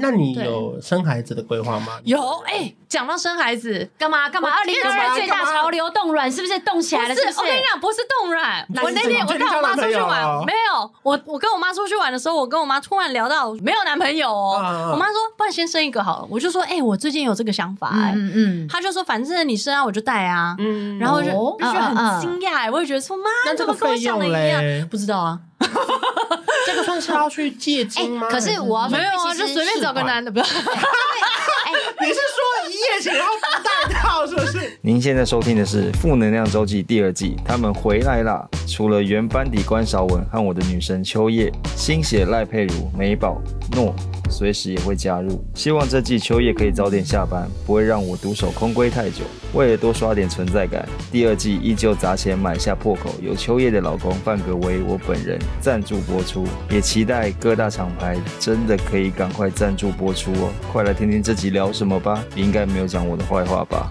那你有生孩子的規劃嗎？有哎，講、欸、到生孩子幹嘛幹嘛？嘛，二零二二最大潮流凍卵是不是動起來了？是，我跟你講，不是凍卵。我那天我帶我媽出去玩，沒有。我我跟我媽出去玩的時候，我跟我媽突然聊到沒有男朋友哦、喔啊。我媽說，不然先生一個好了。我就說，哎、欸，我最近有這個想法、欸。嗯嗯，她就說，反正你生啊，我就帶啊。嗯，然後我就覺就、哦嗯嗯、很驚訝、嗯，我也覺得說，媽你怎麼跟我想的一樣？不知道啊。 這個算是要去借精嗎、欸？可是我是沒有啊，就隨便找個男的不要。你是說一夜情不戴套是不是、 欸欸？您現在收聽的是《負能量週記》第二季，他 們回來啦，除了原班底關韶文和我的女神丘曄，新血賴珮如、美寶諾。隨時也會加入，希望這季秋葉可以早點下班，不會讓我獨守空閨太久。為了多刷點存在感，第二季依舊砸錢買下破口，有秋葉的老公范格為我本人贊助播出，也期待各大廠牌真的可以趕快贊助播出哦，啊。快來聽聽這集聊什麼吧，你應該沒有講我的壞話吧？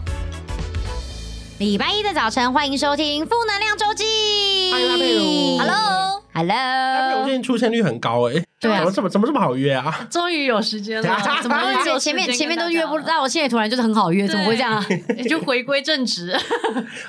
禮拜一的早晨，歡迎收聽負能量週記。歡迎賴珮如，Hello Hello，賴珮如，我最近出現率很高誒，欸對，怎麼怎麼這麼好約啊？終於有時間了，怎麼前面前面都約不到，但我現在突然就是很好約，怎麼會這樣？就回歸正職。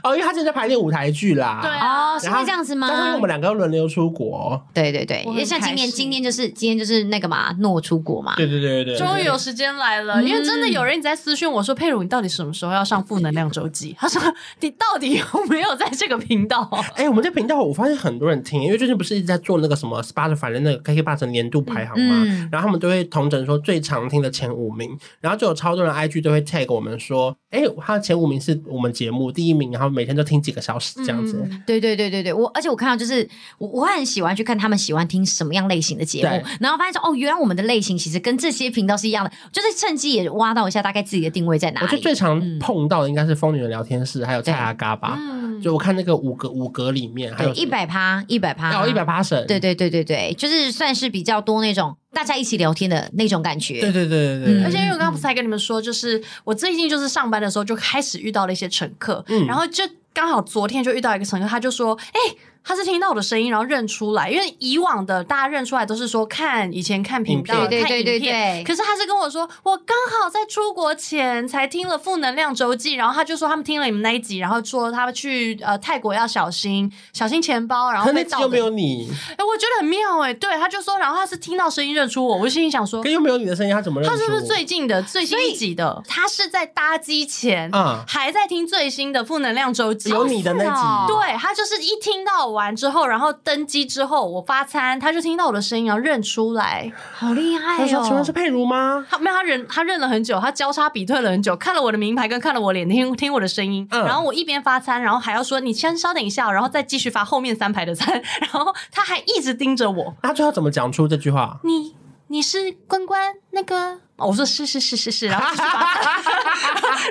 哦，因為他現在在排練舞台劇啦。對啊，是這樣子嗎？因為我們兩個輪流出國。對對對，因為像今年，今年就是今天就是那個嘛，諾出國嘛。對對對對對，終於有時間來了。因為真的有人在私訊我說：“佩如，你到底什麼時候要上《負能量周記》？”他說：“你到底有沒有在這個頻道？”哎，我們這頻道我發現很多人聽，因為最近不是一直在做那個什麼《Spotify 的反正那個 K K 霸整年。年度排行嘛，嗯嗯，然後他們都會統整說最常聽的前五名，然後就有超多人的 IG 都會 tag 我們說，哎，欸，他的前五名是我們節目第一名，然後每天都聽幾個小時這樣子。嗯，對對對對對，我而且我看到就是我，我很喜歡去看他們喜歡聽什麼樣類型的節目，然後發現說哦，原來我們的類型其實跟這些頻道是一樣的，就是趁機也挖到一下大概自己的定位在哪裡。我就最常碰到的應該是瘋女人聊天室，嗯，還有蔡阿嘎吧，嗯，就我看那個五格五格裡面還有，一百趴一百趴哦一百趴神，對對對對對，就是算是比較。比較多那種大家一起聊天的那種感覺，對對對對，對、嗯嗯、而且因為我剛剛不是還跟你們說，就是我最近就是上班的時候就開始遇到了一些乘客，嗯，然後就剛好昨天就遇到一個乘客，他就說，哎、欸。他是聽到我的聲音，然後認出來，因為以往的大家認出來都是說看以前看頻道影看影片，對對對對，可是他是跟我說，我剛好在出國前才聽了《負能量周記》，然後他就說他們聽了你們那集，然後說他們去呃泰國要小心，小心錢包，然後他那集又沒有你。哎、欸，我覺得很妙哎、欸，對，他就說，然後他是聽到聲音認出我，我心裡想說，跟又沒有你的聲音，他怎麼認出？認他是不是最近的最新一集的？他是在搭機前，嗯，還在聽最新的《負能量周記》有你的那集，哦喔、對他就是一聽到我。完之後，然後登機之後，我發餐，他就聽到我的聲音，然後認出來。好厲害哦，他說，請 問是，是佩如嗎？他沒有，他認他認了很久，他交叉比對了很久，看了我的名牌，跟看了我臉，聽聽我的聲音，嗯，然後我一邊發餐，然後還要說你先稍等一下，然後再繼續發後面三排的餐，然後他還一直盯着我。那最後怎麼講出這句話？你你是關關那個。我說是是是是是，然後繼續發餐，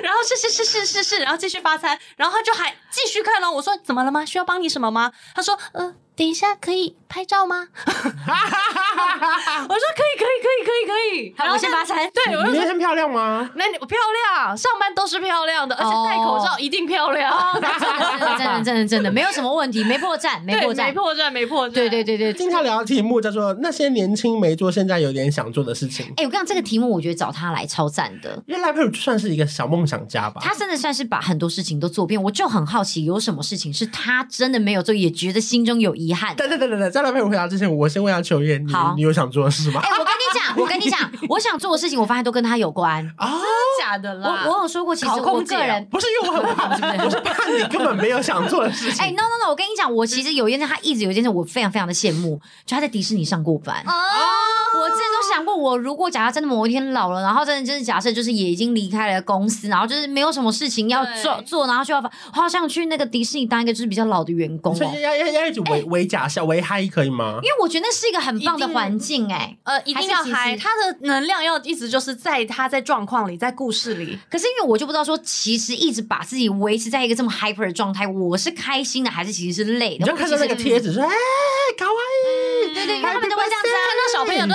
然後是是是是是是，然後繼續發餐，然後他就還繼續看咯。我說怎麼了嗎？需要幫你什麼嗎？他說呃。等一下，可以拍照嗎？ oh, 我說可以，可以，可以，可以，可以。好，然後先拔傘。對我又變漂亮嗎？那你漂亮，上班都是漂亮的，oh. 而且戴口罩一定漂亮。Oh, 真的，真的，真的，真的，沒有什麼問題， 沒破綻，沒破綻，沒破綻，沒破綻。對，對，對，對，對。今天聊的題目叫做那些年輕沒做，現在有點想做的事情。哎、欸，我剛剛這個題目，我覺得找他來超讚的，因為賴珮如就算是一個小夢想家吧。他真的算是把很多事情都做遍。我就很好奇，有什麼事情是他真的沒有做，也覺得心中有疑。遺憾。等等等等等，在男朋友我回答之前，我先問一下丘曄，你有想做的事嗎？哎、欸，我跟你講，我跟你講，我想做的事情，我發現都跟他有關啊，真的假的啦？我我有說過，其實我個人不是因為我很怕， 我是怕你根本沒有想做的事情。哎、欸、，no no no，我跟你講，我其實有一件事，他一直有一件事，我非常非常的羨慕，就他在迪士尼上過班。哦。我之前都想過我，我如果假設真的某一天老了，然後真的就是假設就是也已經離開了公司，然後就是沒有什麼事情要做做，然後就要，發，好像去那個迪士尼當一個就是比較老的員工、哦。要要一直微假笑，微嗨可以嗎？因為我覺得是一個很棒的環境、欸，哎，呃，一定要嗨，他的能量要一直就是在他在狀況裡，在故事裡、嗯。可是因為我就不知道說，其實一直把自己維持在一個這麼 hyper 的狀態，我是開心的，還是其實是累的。我就看到那個貼紙說，哎、嗯，卡哇伊、嗯，對對，對，他們都會這樣子、啊，看到小朋友都。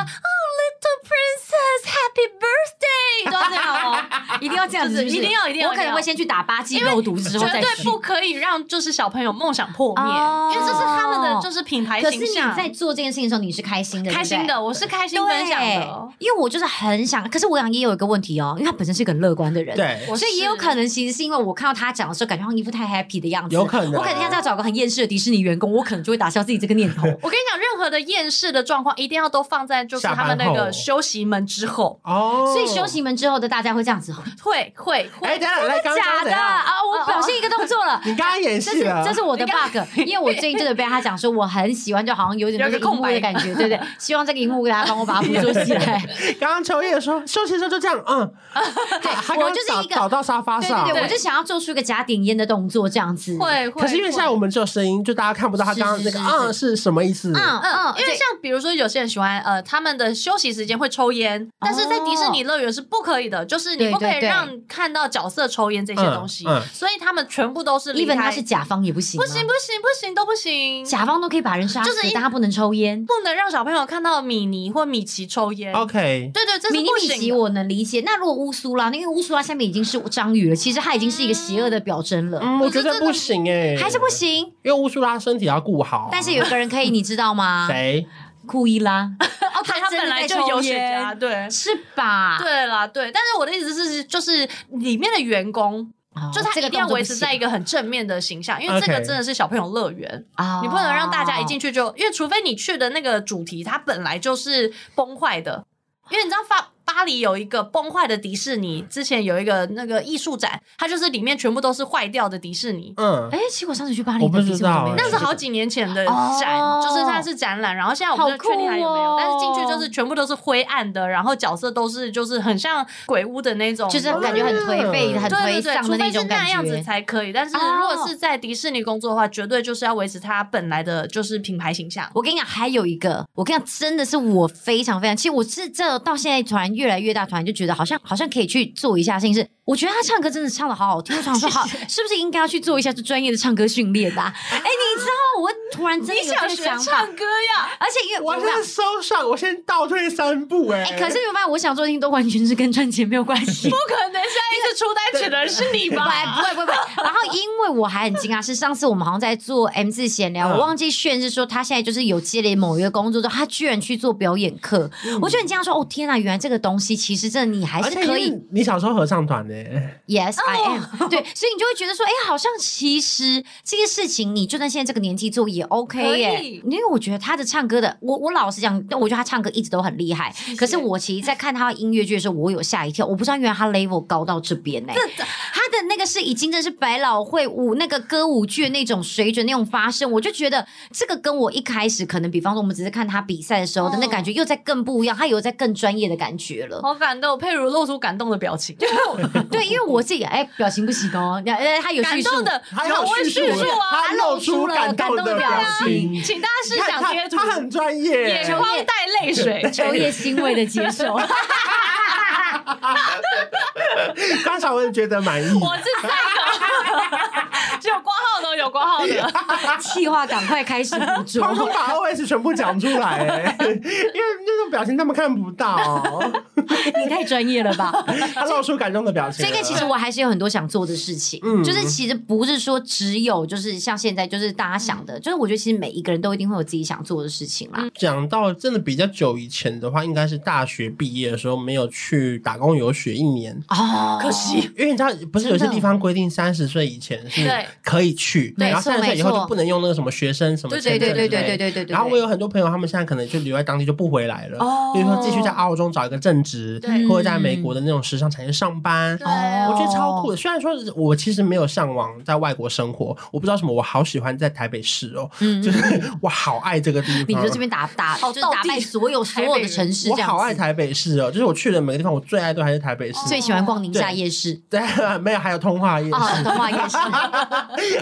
So、princess, Happy Birthday！多久？一定要這樣子是不是，一定要，一定要！我可能會先去打八唧，肉 毒之後再去。絕對不可以讓就是小朋友夢想破滅，哦、因為這是他們的就是品牌形象。可是你在做這件事情的時候你的，是你，時候你是開心的，開心的，我是開心分享的，因為我就是很想。可是丘曄也有一個問題哦，因為他本身是一個很樂觀的人，對，所以也有可能其實是因為我看到他講的時候，感覺他一副太 happy 的樣子，有可能。我可能要找個很厭世的迪士尼員工，我可能就會打消自己這個念頭。 我跟你講，任何的厭世的狀況，一定要都放在就是他們那個。休息門之後哦，所以休息門之後的大家會這樣子，會會哎，真的，欸喔、假的啊？我表現一個動作了，你剛剛演示，嗯嗯，這是我的 bug，因為我最近真的被他講說我很喜歡，就好像有點那個空白的感覺，對不對，對？ 希望這個熒幕給大家幫我把它捕捉起來。剛剛丘曄說，休息的時候就這樣，嗯，嗯，剛剛我就是一個倒到沙發上，對，對對，我就想要做出一個假點煙的動作，這對對對，這樣子會。會。可是因為現在我們只有聲音，就大家看不到他剛剛這個嗯，是，是，是，是，是，是，嗯是什麼意思，嗯嗯，因為像比如說有些人喜歡呃，他們的休息時。時間會抽煙，但是在迪士尼樂園是不可以的，哦，就是你不可以讓看到角色抽煙這些東西，對對對，所以他們全部都是。e、嗯、v、嗯、他是甲方也不行，不行不行不行都不行，甲方都可以把人殺，就是大家不能抽煙，不能讓小朋友看到米妮或米奇抽煙。OK，對對，這是不行，米妮米奇我能理解。那如果烏蘇拉，因為烏蘇拉下面已經是章魚了，其實他已經是一個邪惡的表徵了。嗯嗯、我覺得不行耶，還是不行，欸，因為烏蘇拉身體要顧好、啊。但是有個人可以， 你知道嗎？誰？庫伊拉，他、 哦、對 他本來就有雪茄對， 是吧？對啦，對，但是我的意思是，就是裡面的員工，哦、就他一定要維持在一個很正面的形象，這個、因為這個真的是小朋友樂園，okay。你不能讓大家一進去就、哦，因為除非你去的那個主題，它本來就是崩壞的，因為你知道發。巴黎有一個崩壞的迪士尼，之前有一個那個藝術展，它就是裡面全部都是壞掉的迪士尼。嗯，哎、欸，結果上次去巴黎，我不知道、欸，那是好幾年前的展，哦、就是它是展覽。然後現在我們就確定還有沒有，哦、但是進去就是全部都是灰暗的，然後角色都是就是很像鬼屋的那種，就是感覺很頹廢、嗯、很頹喪的那種感覺。對對對，除非是那樣子才可以，但是如果是在迪士尼工作的話，絕對就是要維持它本來的就是品牌形象。我跟你講，還有一個，我跟你講，真的是我非常非常，其實我是這到現在突然。越來越大團，就覺得好像好像可以去做一下，甚至是我覺得他唱歌真的唱得好好聽，我想說好，是不是應該要去做一下這專業的唱歌訓練吧？哎、啊欸，你知道我突然真的有想，想唱歌呀？而且因為我在搜上、嗯，我先倒退三步、欸，哎、欸，可是有沒有？我想做的事都完全是跟賺錢沒有關係， 不可能下一次出單曲的是你吧？ 來，不會不會。不不不不 然後。 我還很驚訝，是上次我們好像在做 M 字閒聊、嗯，我忘記炫是說他現在就是有積累某一個工作之後，他居然去做表演課、嗯。我覺得你這樣說，哦、喔、天啊，原來這個東西其實這你還是可以。你小時候合唱團呢？Yes，I am、oh。對，所以你就會覺得說，哎、欸，好像其實這些事情，你就算現在這個年紀做也 OK 耶。因為我覺得他的唱歌的，我我老實講，我覺得他唱歌一直都很厲害謝謝。可是我其實在看他的音樂劇的時候，我有嚇一跳，我不知道原來他 level 高到這邊哎。 他的那個是已經真的是百老匯。舞那個歌舞劇那種水準那種發聲，我就覺得這個跟我一開始可能，比方說我們只是看他比賽的時候的那感覺，又在更不一樣。他有在更專業的感覺了，好感動。佩如露出感動的表情， 對，因為我自己哎、欸，表情不行哦、喔。他、欸欸、有述感動的，還有溫順啊，他露出了感動的表情，表情啊、請大家試想，他很專業，眼眶帶淚水，丘曄欣慰的接受剛 才我就覺得滿意， 我是太可了。 有光號的，有光號的。企劃趕快開始。我 們把 OS 全部講出來， 因為那種表情他們看不到。 你太專業了吧？露 出感動的表情。這個其實我還是有很多想做的事情，就是其實不是說只有就是像現在就是大家想的、嗯，就是我覺得其實每一個人都一定會有自己想做的事情啦。講、嗯、到真的比較久以前的話，應該是大學畢業的時候沒有去打工遊學一年哦，可惜，因為你知道不是有些地方規定三十歲以前是。可以去，然後三十歲以後就不能用那個什麼學生什麼簽證，對對對對對對對，對，對，對，對，對，然後我有很多朋友，他們現在可能就留在當地就不回來了，哦、比如說繼續在澳洲找一個正職，對、嗯，或者在美國的那種時尚產業上班。哦。我覺得超酷的。雖然說我其實沒有向往在外國生活，我不知道什麼，我好喜歡在台北市哦，嗯、就是我好愛這個地方。你說這邊打打就是打敗所有、哦、所有的城市這樣，我好愛台北市哦。就是我去的每個地方，我最愛都還是台北市。最喜歡逛寧夏夜市。對,對、啊啊，沒有，還有通化夜市。通化夜市。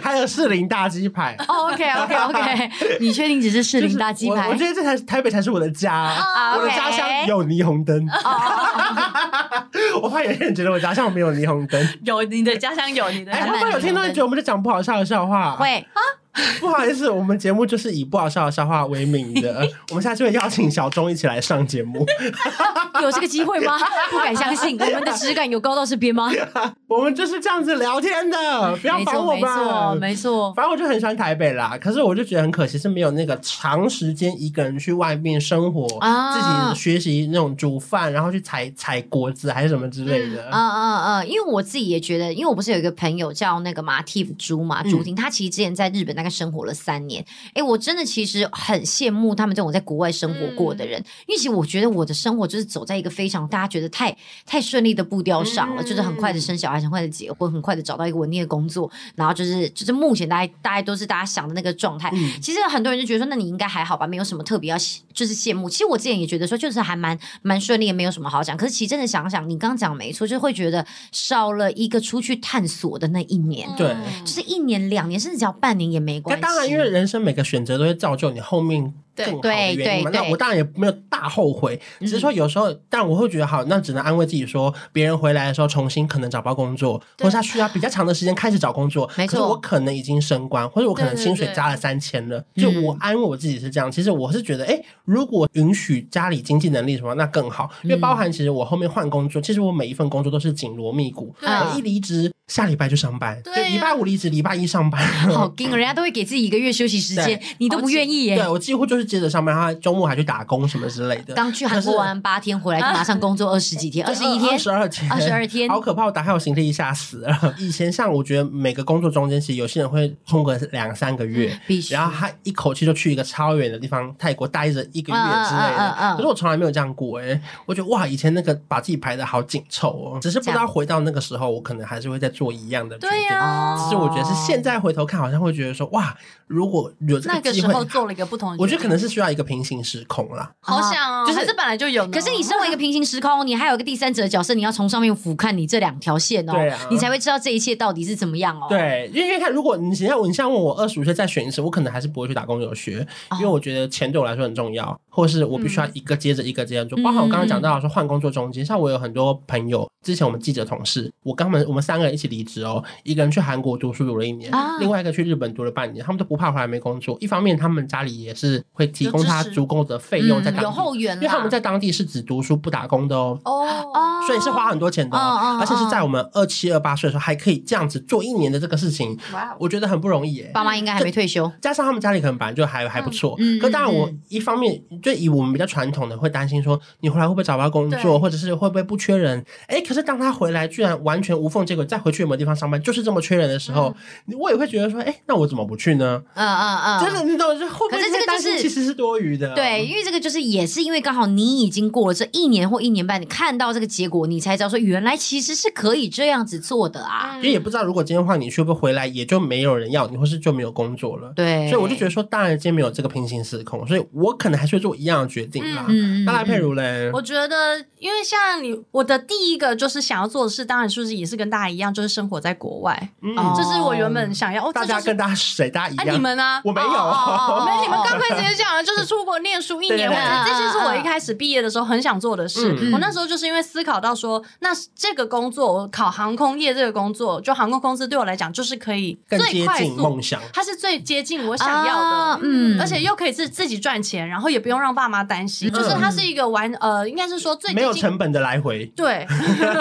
還有士林大雞排，oh,，OK OK OK， 你確定只是士林大雞排 我？我覺得這才，台北才是我的家，啊，oh, okay. 我的家鄉有霓虹燈。 我怕有些人覺得我家鄉沒有霓虹燈。 有你的家鄉有你的、 哎，會不會有聽眾覺得我們在講不好笑的笑話？會啊。 不好意思，我們節目就是以不好笑的笑話為名的。 我們下次會邀請小鍾一起來上節目， 有這個機會嗎？不敢相信， 我們的質感有高到這邊嗎？ 我們就是這樣子聊天的，不要煩我吧。沒錯，沒錯。反正我就很喜歡台北啦，可是我就覺得很可惜，是沒有那個長時間一個人去外面生活，啊、自己學習那種煮飯，然後去採採果子還是什麼之類的。嗯嗯嗯,嗯,嗯，因為我自己也覺得，因為我不是有一個朋友叫那個馬蒂夫朱嘛，朱、嗯、婷，他其實之前在日本大概生活了三年，哎、欸，我真的其實很羨慕他們這種在國外生活過的人，嗯，因為其實我覺得我的生活就是走在一個非常大家覺得太太順利的步調上了，嗯，就是很快的生小孩，很快的結婚，很快的找到一個穩定的工作，然後就是就是目前大家大家都是大家想的那個狀態。嗯，其實很多人就覺得說，那你應該還好吧，沒有什麼特別要就是羨慕。其實我之前也覺得說，就是還蠻蠻順利，也沒有什麼好講。可是其實真的想想，你剛剛講沒錯，就會覺得少了一個出去探索的那一年，對，嗯，就是一年兩年，甚至只要半年也沒。那當然，因為人生每個選擇都會造就你後面更好的原因嘛。對對對，那我當然也沒有大後悔，嗯、只是說有時候，但我會覺得好，那只能安慰自己說，別人回來的時候重新可能找不到工作，對，或者他需要比較長的時間開始找工作。沒錯，可是我可能已經升官，或者我可能薪水加了三千了。對對對，就我安慰我自己是這樣。其實我是覺得，誒、欸，如果允許家裡經濟能力什麼，那更好。因為包含其實我後面換工作，其實我每一份工作都是緊鑼密鼓，嗯、我一離職。下禮拜就上班，對、啊，禮拜五離職，禮拜一上班。好勁、啊，人家都會給自己一個月休息時間，你都不願意耶。對，我幾乎就是接着上班，然後周末還去打工什麼之類的。剛去韓國玩八天回來就馬上工作二十幾天，二十一天、二十二天、二十二天，好可怕！我打開我行李一下死了。二二以前像我覺得每個工作中間其實有些人會空個兩三個月、嗯必須，然後他一口氣就去一個超遠的地方，泰國待着一個月之類的、嗯嗯嗯。可是我從來沒有這樣過哎、欸，我覺得哇，以前那個把自己排的好緊湊哦，只是不知道回到那個時候，我可能還是會再。做一樣的，對呀、啊。其實我覺得是現在回頭看，好像會覺得說哇，如果有這個那個時候做了一個不同的，我覺得可能是需要一個平行時空啦。好想啊、哦，就是這本來就有，可是你身為一個平行時空，嗯、你還有一個第三者的角色，你要從上面俯瞰你這兩條線，哦對、啊，你才會知道這一切到底是怎麼樣哦。對，因為看如果你現在我像問我二十五歲再選一次，我可能還是不會去打工遊學、哦，因為我覺得錢對我來說很重要，或是我必須要一個接着一個這樣做、嗯，包括我剛剛講到說換工作中間、嗯嗯，像我有很多朋友，之前我們記者同事，我剛們我們三個人一起。離職哦，一個人去韓國讀書讀了一年，啊，另外一個去日本讀了半年，他們都不怕回來沒工作。一方面，他們家裡也是會提供他足夠的費用在有後援、嗯、有後援啦。因為他們在當地是只讀書不打工的哦，喔。哦，所以是花很多錢的、喔哦哦，而且是在我們二七二八歲的時候還可以這樣子做一年的這個事情，我覺得很不容易、欸、爸媽應該還沒退休，加上他們家裡可能本來就還、嗯、還不錯、嗯。可當然我一方面就以我們比較傳統的會擔心說你回來會不會找不到工作，啊，或者是會不會不缺人？哎、欸，可是當他回來居然完全無縫接軌，再回。去什麼地方上班？就是這麼缺人的時候，嗯、我也會覺得說，哎、欸，那我怎麼不去呢？嗯嗯嗯，真的，你懂就後面，會不會可是這個就是其實是多餘的？對，因為這個就是也是因為剛好你已經過了這一年或一年半，你看到這個結果，你才知道說原來其實是可以這樣子做的啊。因、嗯、為也不知道如果今天換你去不回來，也就沒有人要你，或是就沒有工作了。對，所以我就覺得說，當然今天沒有這個平行時空，所以我可能還是會做一樣的決定啦。那、嗯、來佩如嘞？我覺得，因為像你，我的第一個就是想要做的事，當然是，不是也是跟大家一樣就。就是、生活在國外，這、嗯就是我原本想要。哦，大家、就是、跟他大家誰大一樣？啊、你們呢、啊？我沒有，哦哦哦、沒有你們。剛開始也講了， 就是出國唸書一年。對對對對，這些是我一開始畢業的時候很想做的事、嗯。我那時候就是因為思考到說，那這個工作，我考航空業這個工作，就航空公司對我來講，就是可以最快速接近夢想，它是最接近我想要的。哦、嗯，而且又可以自自己賺錢，然後也不用讓爸媽擔心，嗯、就是它是一個玩呃，應該是說最接近沒有成本的來回。對，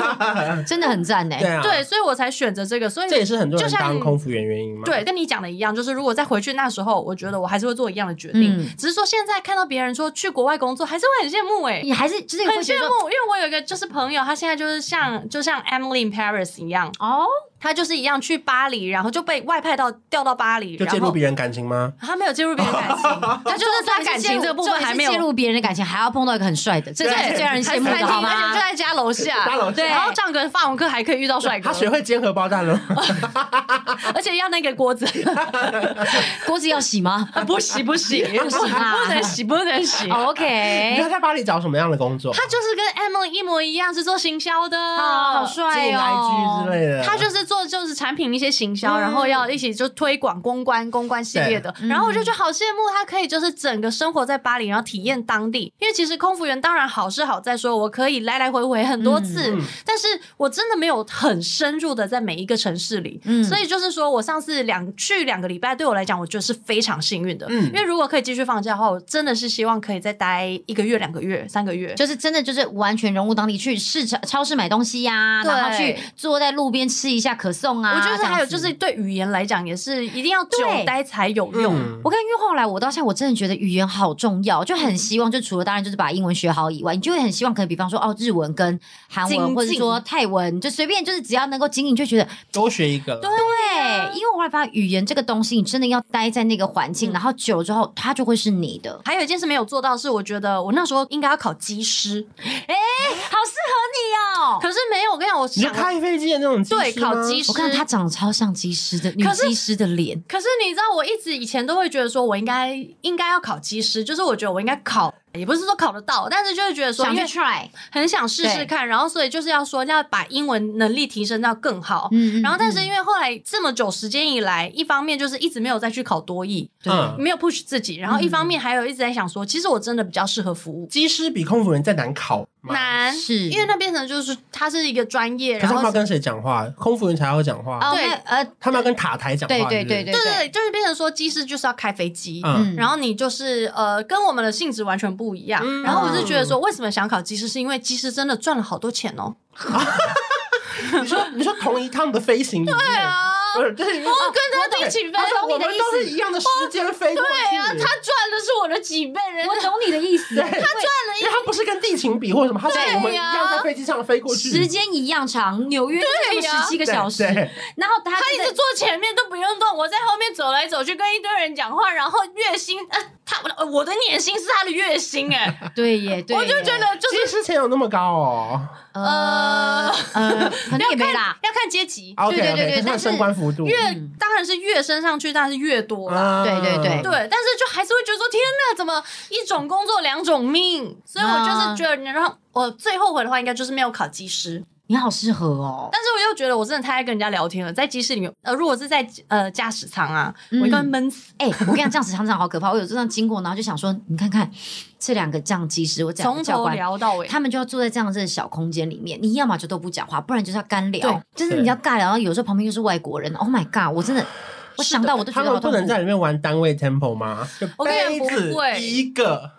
真的很讚呢、欸啊。對，所以我。我才選擇這個，所以這也是很多人當空服員原因嘛。對，跟你講的一樣，就是如果再回去那時候，我覺得我還是會做一樣的決定。嗯、只是說現在看到別人說去國外工作，還是會很羨慕哎、欸。你還是就是很羨慕，因為我有一個就是朋友，他現在就是像就像 Emily in Paris 一樣哦。他就是一樣去巴黎，然後就被外派到調到巴黎，就介入別人感情嗎？他沒有介入別人感情， 他就是在 感情這個部分還沒有介入別人的感情， 還要碰到一個很帥的，這才是最讓人羨慕的。而且就在家樓下，下，對。然後上個法文課還可以遇到帥哥。他學會煎荷包蛋了， 而且要那個鍋子，鍋 子要洗嗎？ 不洗不洗不，洗，不，洗， 不洗，不能洗不能洗。Oh, OK。他在巴黎找什麼樣的工作？他就是跟 Emily 一模一樣，是做行銷的，oh, 好帥哦，來劇之類的，他就是。做的就是產品一些行銷，然後要一起就推廣公關、嗯、公關系列的，然後我就覺得就好羨慕他可以就是整個生活在巴黎，然後體驗當地。因為其實空服員當然好是好，在說我可以來來回回很多次、嗯，但是我真的沒有很深入的在每一個城市裡。嗯、所以就是說我上次兩去兩個禮拜，對我來講我覺得是非常幸運的、嗯。因為如果可以繼續放假的話，我真的是希望可以再待一個月、兩個月、三個月，就是真的就是完全融入當地，去市場超市買東西呀、啊，然後去坐在路邊吃一下。可頌啊！我覺得還有就是對語言來講也是一定要久待才有用、嗯。我看因為後來我到現在我真的覺得語言好重要，就很希望就除了當然就是把英文學好以外，你就會很希望可能比方說哦，日文跟韓文或者說泰文，就隨便就是只要能夠精進就覺得多學一個。對，對啊、因為我後來發現語言這個東西，你真的要待在那個環境、嗯，然後久了之後它就會是你的。還有一件事沒有做到是，我覺得我那時候應該要考機師，哎、欸，好適合你哦、喔。可是沒有，我跟你講，我是開飛機的那種機師對，考。我看到他長得超像機師的，可是女機師的臉。可是你知道，我一直以前都會覺得說，我應該應該要考機師，就是我覺得我應該考。也不是說考得到，但是就是覺得說想去 try，很想試試看，然後所以就是要說要把英文能力提升到更好。嗯，然後但是因為後來這麼久時間以來，一方面就是一直沒有再去考多益，對、就是，沒有 push 自己、嗯，然後一方面還有一直在想說，嗯、其實我真的比較適合服務。機師比空服人再難考，難，是因為那變成就是他是一個專業，可是他要跟誰講話？空服人才要講話，對，呃，他們要跟塔台講話，呃、對對對對對，就是變成說機師就是要開飛機，嗯、然後你就是呃，跟我們的性質完全。不一樣，嗯、然後我就覺得說，為什麼想考機師？是因為機師真的賺了好多錢哦。 你說，你說同一趟的飛行，對啊，我、呃就是哦啊、跟着地勤飛，啊、我，你的意思我們都是一樣的時間飛過、哦、對啊，他賺的是我的幾倍，啊、幾人我，我懂你的意思。他賺了一，因為他不是跟地勤比、啊、或者什麼，他是我們一樣在飛機上的飛過去、啊，時間一樣長，紐約飛十七個小時。啊啊、然後他他一直坐前面都不用動，我在後面走來走去，跟一堆人講話，然後月薪。 他我的，我的年薪是他的月薪哎 ，對耶，我就覺得就是之前有那麼高哦，呃，呃 可能也沒啦，要看，要看階級，對、okay, okay, 對對對，看升官幅度，越、嗯、當然是越升上去，當然是越多了、嗯，對對對對，但是就還是會覺得說，天吶，怎麼一種工作兩種命？所以我就是覺得，嗯、然後我、呃、最後悔的話，應該就是沒有考機師。你好適合哦，但是我又覺得我真的太愛跟人家聊天了，在機師裡面，呃，如果是在呃駕駛艙啊，嗯、我都會悶死。哎、欸，我跟你講，駕駛艙真的好可怕。我有這樣經過，然後就想說，你看看這兩個樣機師，我講從頭聊到尾，他們就要坐在這樣子的小空間裡面，你要麼就都不講話，不然就是要乾聊，就是你要尬聊，有時候旁邊又是外國人。Oh my god！我真的，的，我想到我都覺得他們不能在裡面玩單位 temple 嗎？我根本不會一個。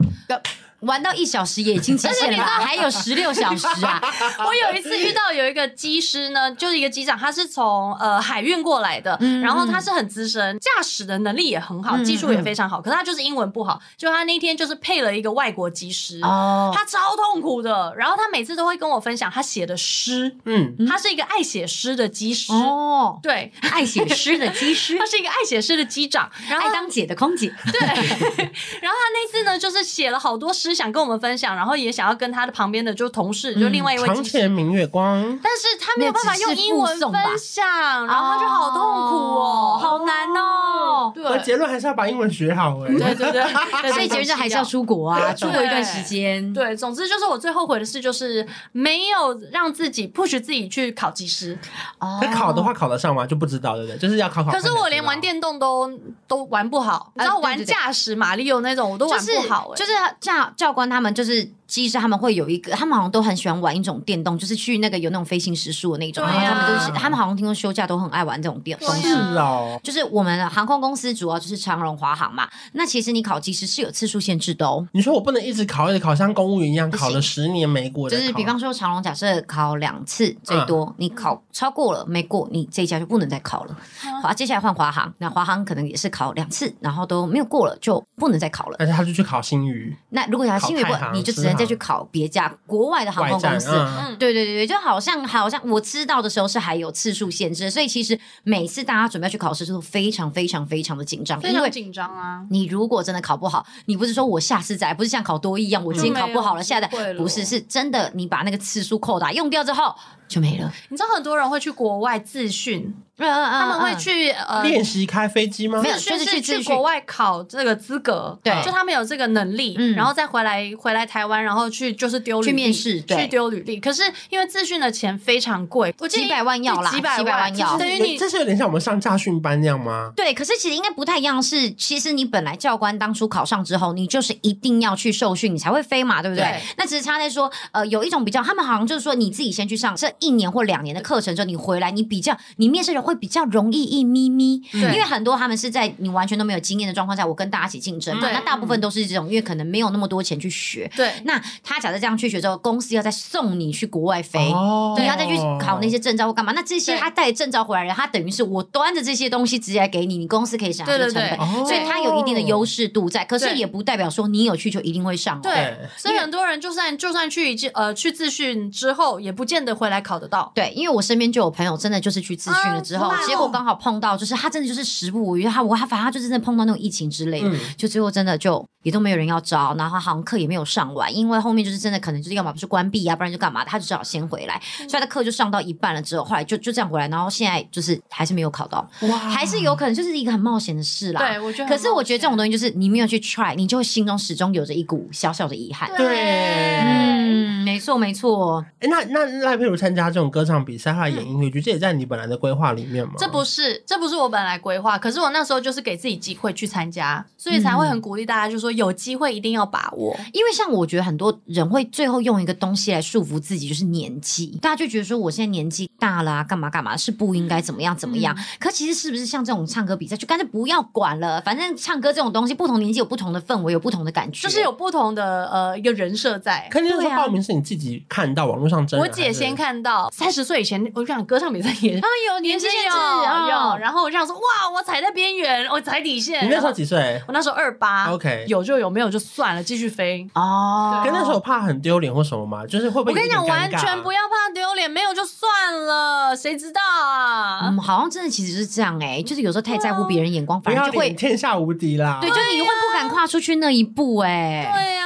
玩到一小時也已經極限了， 還有十六小時啊！ 我有一次遇到有一個機師呢，就是一個機長，他是從呃海運過來的，嗯，然後他是很資深，駕駛的能力也很好，技術也非常好，嗯，可是他就是英文不好，就他那天就是配了一個外國機師，哦，他超痛苦的。然後他每次都會跟我分享他寫的詩，嗯，他是一個愛寫詩的機師，哦，對，愛寫詩的機師， 他是一個愛寫詩的機長然後，愛當姐的空姐， 對。然後他那次呢，就是寫了好多詩。是想跟我們分享，然後也想要跟他的旁邊的就同事，就另外一位。床、嗯、前明月光。但是他沒有辦法用英文分享，然後他就好痛苦哦，哦好難哦。對，而結論還是要把英文學好哎。對對對， 所以結論就還是要出國啊， 出國一段時間對。對，總之就是我最後悔的事就是沒有讓自己 push 自己去考機師。哦，考的話考得上嗎？就不知道，對不對？就是要考考。可是我連玩電動都都玩不好，你知道玩駕駛瑪利歐那種我都玩不好，就是駕。就是這樣教官他們就是。其實他們會有一個，他們好像都很喜歡玩一種電動，就是去那個有那種飛行時速的那種，然、啊、他們是，他好像聽說休假都很愛玩這種電動。是哦、啊。就是我們航空公司主要就是長榮、華航嘛。那其實你考機師是有次數限制的、哦。你說我不能一直考一直考，像公務員一樣考了十年沒過。就是比方說長榮，假設考兩次最多、嗯，你考超過了沒過，你這一家就不能再考了。嗯、好、啊，接下來換華航，那華航可能也是考兩次，然後都沒有過了就不能再考了。而且他就去考新余。那如果要新余過，你就只能。再去考別家國外的航空公司，對、嗯、對對對，就好像好像我知道的時候是還有次數限制，所以其實每次大家準備去考試的時候，非常非常非常的緊張，非常緊張啊！你如果真的考不好，你不是說我下次再，不是像考多一樣，我今天考不好了，嗯、下次不是是真的，你把那個次數扣打用掉之後，就沒了。你知道很多人會去國外自訓、嗯，他們會去、嗯、呃練習開飛機嗎？沒有，就是去，去國外考這個資格。對，就他們有這個能力，嗯、然後再回來回來台灣，然後去就是丟去面試，去丟履歷。可是因為自訓的錢非常貴，幾百萬要啦，幾百萬，幾百萬要。等於你這是有點像我們上駕訓班那樣嗎？對，可是其實應該不太一樣。是，其實你本來教官當初考上之後，你就是一定要去受訓，你才會飛嘛，對不對？對那只是差在說，呃，有一種比較，他們好像就是說你自己先去上這。一年或兩年的課程之後，你回來，你比較，你面試者會比較容易一咪咪。因為很多他們是在你完全都沒有經驗的狀況下，我跟大家一起競爭、嗯，那大部分都是這種、嗯，因為可能沒有那麼多錢去學。對，那他假設這樣去學之後，公司要再送你去國外飛，對你要再去考那些證照或幹嘛，那這些他帶證照回來的，他等於是我端着這些東西直接來給你，你公司可以省這個成本對對對，所以他有一定的優勢度在。可是也不代表說你有去就一定會上、哦對。對，所以很多人就算就算去呃去自訓之後，也不見得回來考。考得到。對，因為我身邊就有朋友，真的就是去諮詢了之後，啊喔、結果剛好碰到，就是他真的就是時不我與，他我他反而他就真的碰到那種疫情之類的、嗯，就最後真的就也都沒有人要招，然後航課也沒有上完，因為後面就是真的可能就是要麼不是關閉啊，不然就幹嘛他就只好先回來，嗯、所以他課就上到一半了之後，後來就就這樣回來，然後現在就是還是沒有考到，哇，還是有可能就是一個很冒險的事啦。對，我覺得，可是我覺得這種東西就是你沒有去 try，你就會心中始終有着一股小小的遺憾。對，嗯。嗯沒錯沒錯。哎、欸，那那那賴珮如參加。他這種歌唱比賽，他演音樂劇，這也在你本來的規劃裡面嗎？這不是，這不是我本來規劃。可是我那時候就是給自己機會去參加，所以才會很鼓勵大家，就說有機會一定要把握、嗯。因為像我覺得很多人會最後用一個東西來束縛自己，就是年紀。大家就覺得說我現在年紀大了、啊，幹嘛幹嘛是不應該怎麼樣怎麼樣、嗯。可其實是不是像這種唱歌比賽，就乾脆不要管了。反正唱歌這種東西，不同年紀有不同的氛圍，有不同的感覺，就是有不同的呃一個人設在。可是那時候報名是你自己看到網絡上真的？對、啊。我姐先看到。三十歲以前，我就想歌唱比賽也啊有，年輕有有、哦。然後我就想說，哇，我踩在邊緣，我踩底線。你那時候幾歲？我那時候二八。OK，有就有，沒有就算了，繼續飛。哦。跟那時候怕很丟臉或什麼嗎？就是會不會？我跟你講，完全不要怕丟臉，沒有就算了，誰知道啊？嗯，好像真的其實是這樣哎、欸，就是有時候太在乎別人眼光，反而就會天下無敵啦。對，就是你會不敢跨出去那一步哎、欸啊。對啊。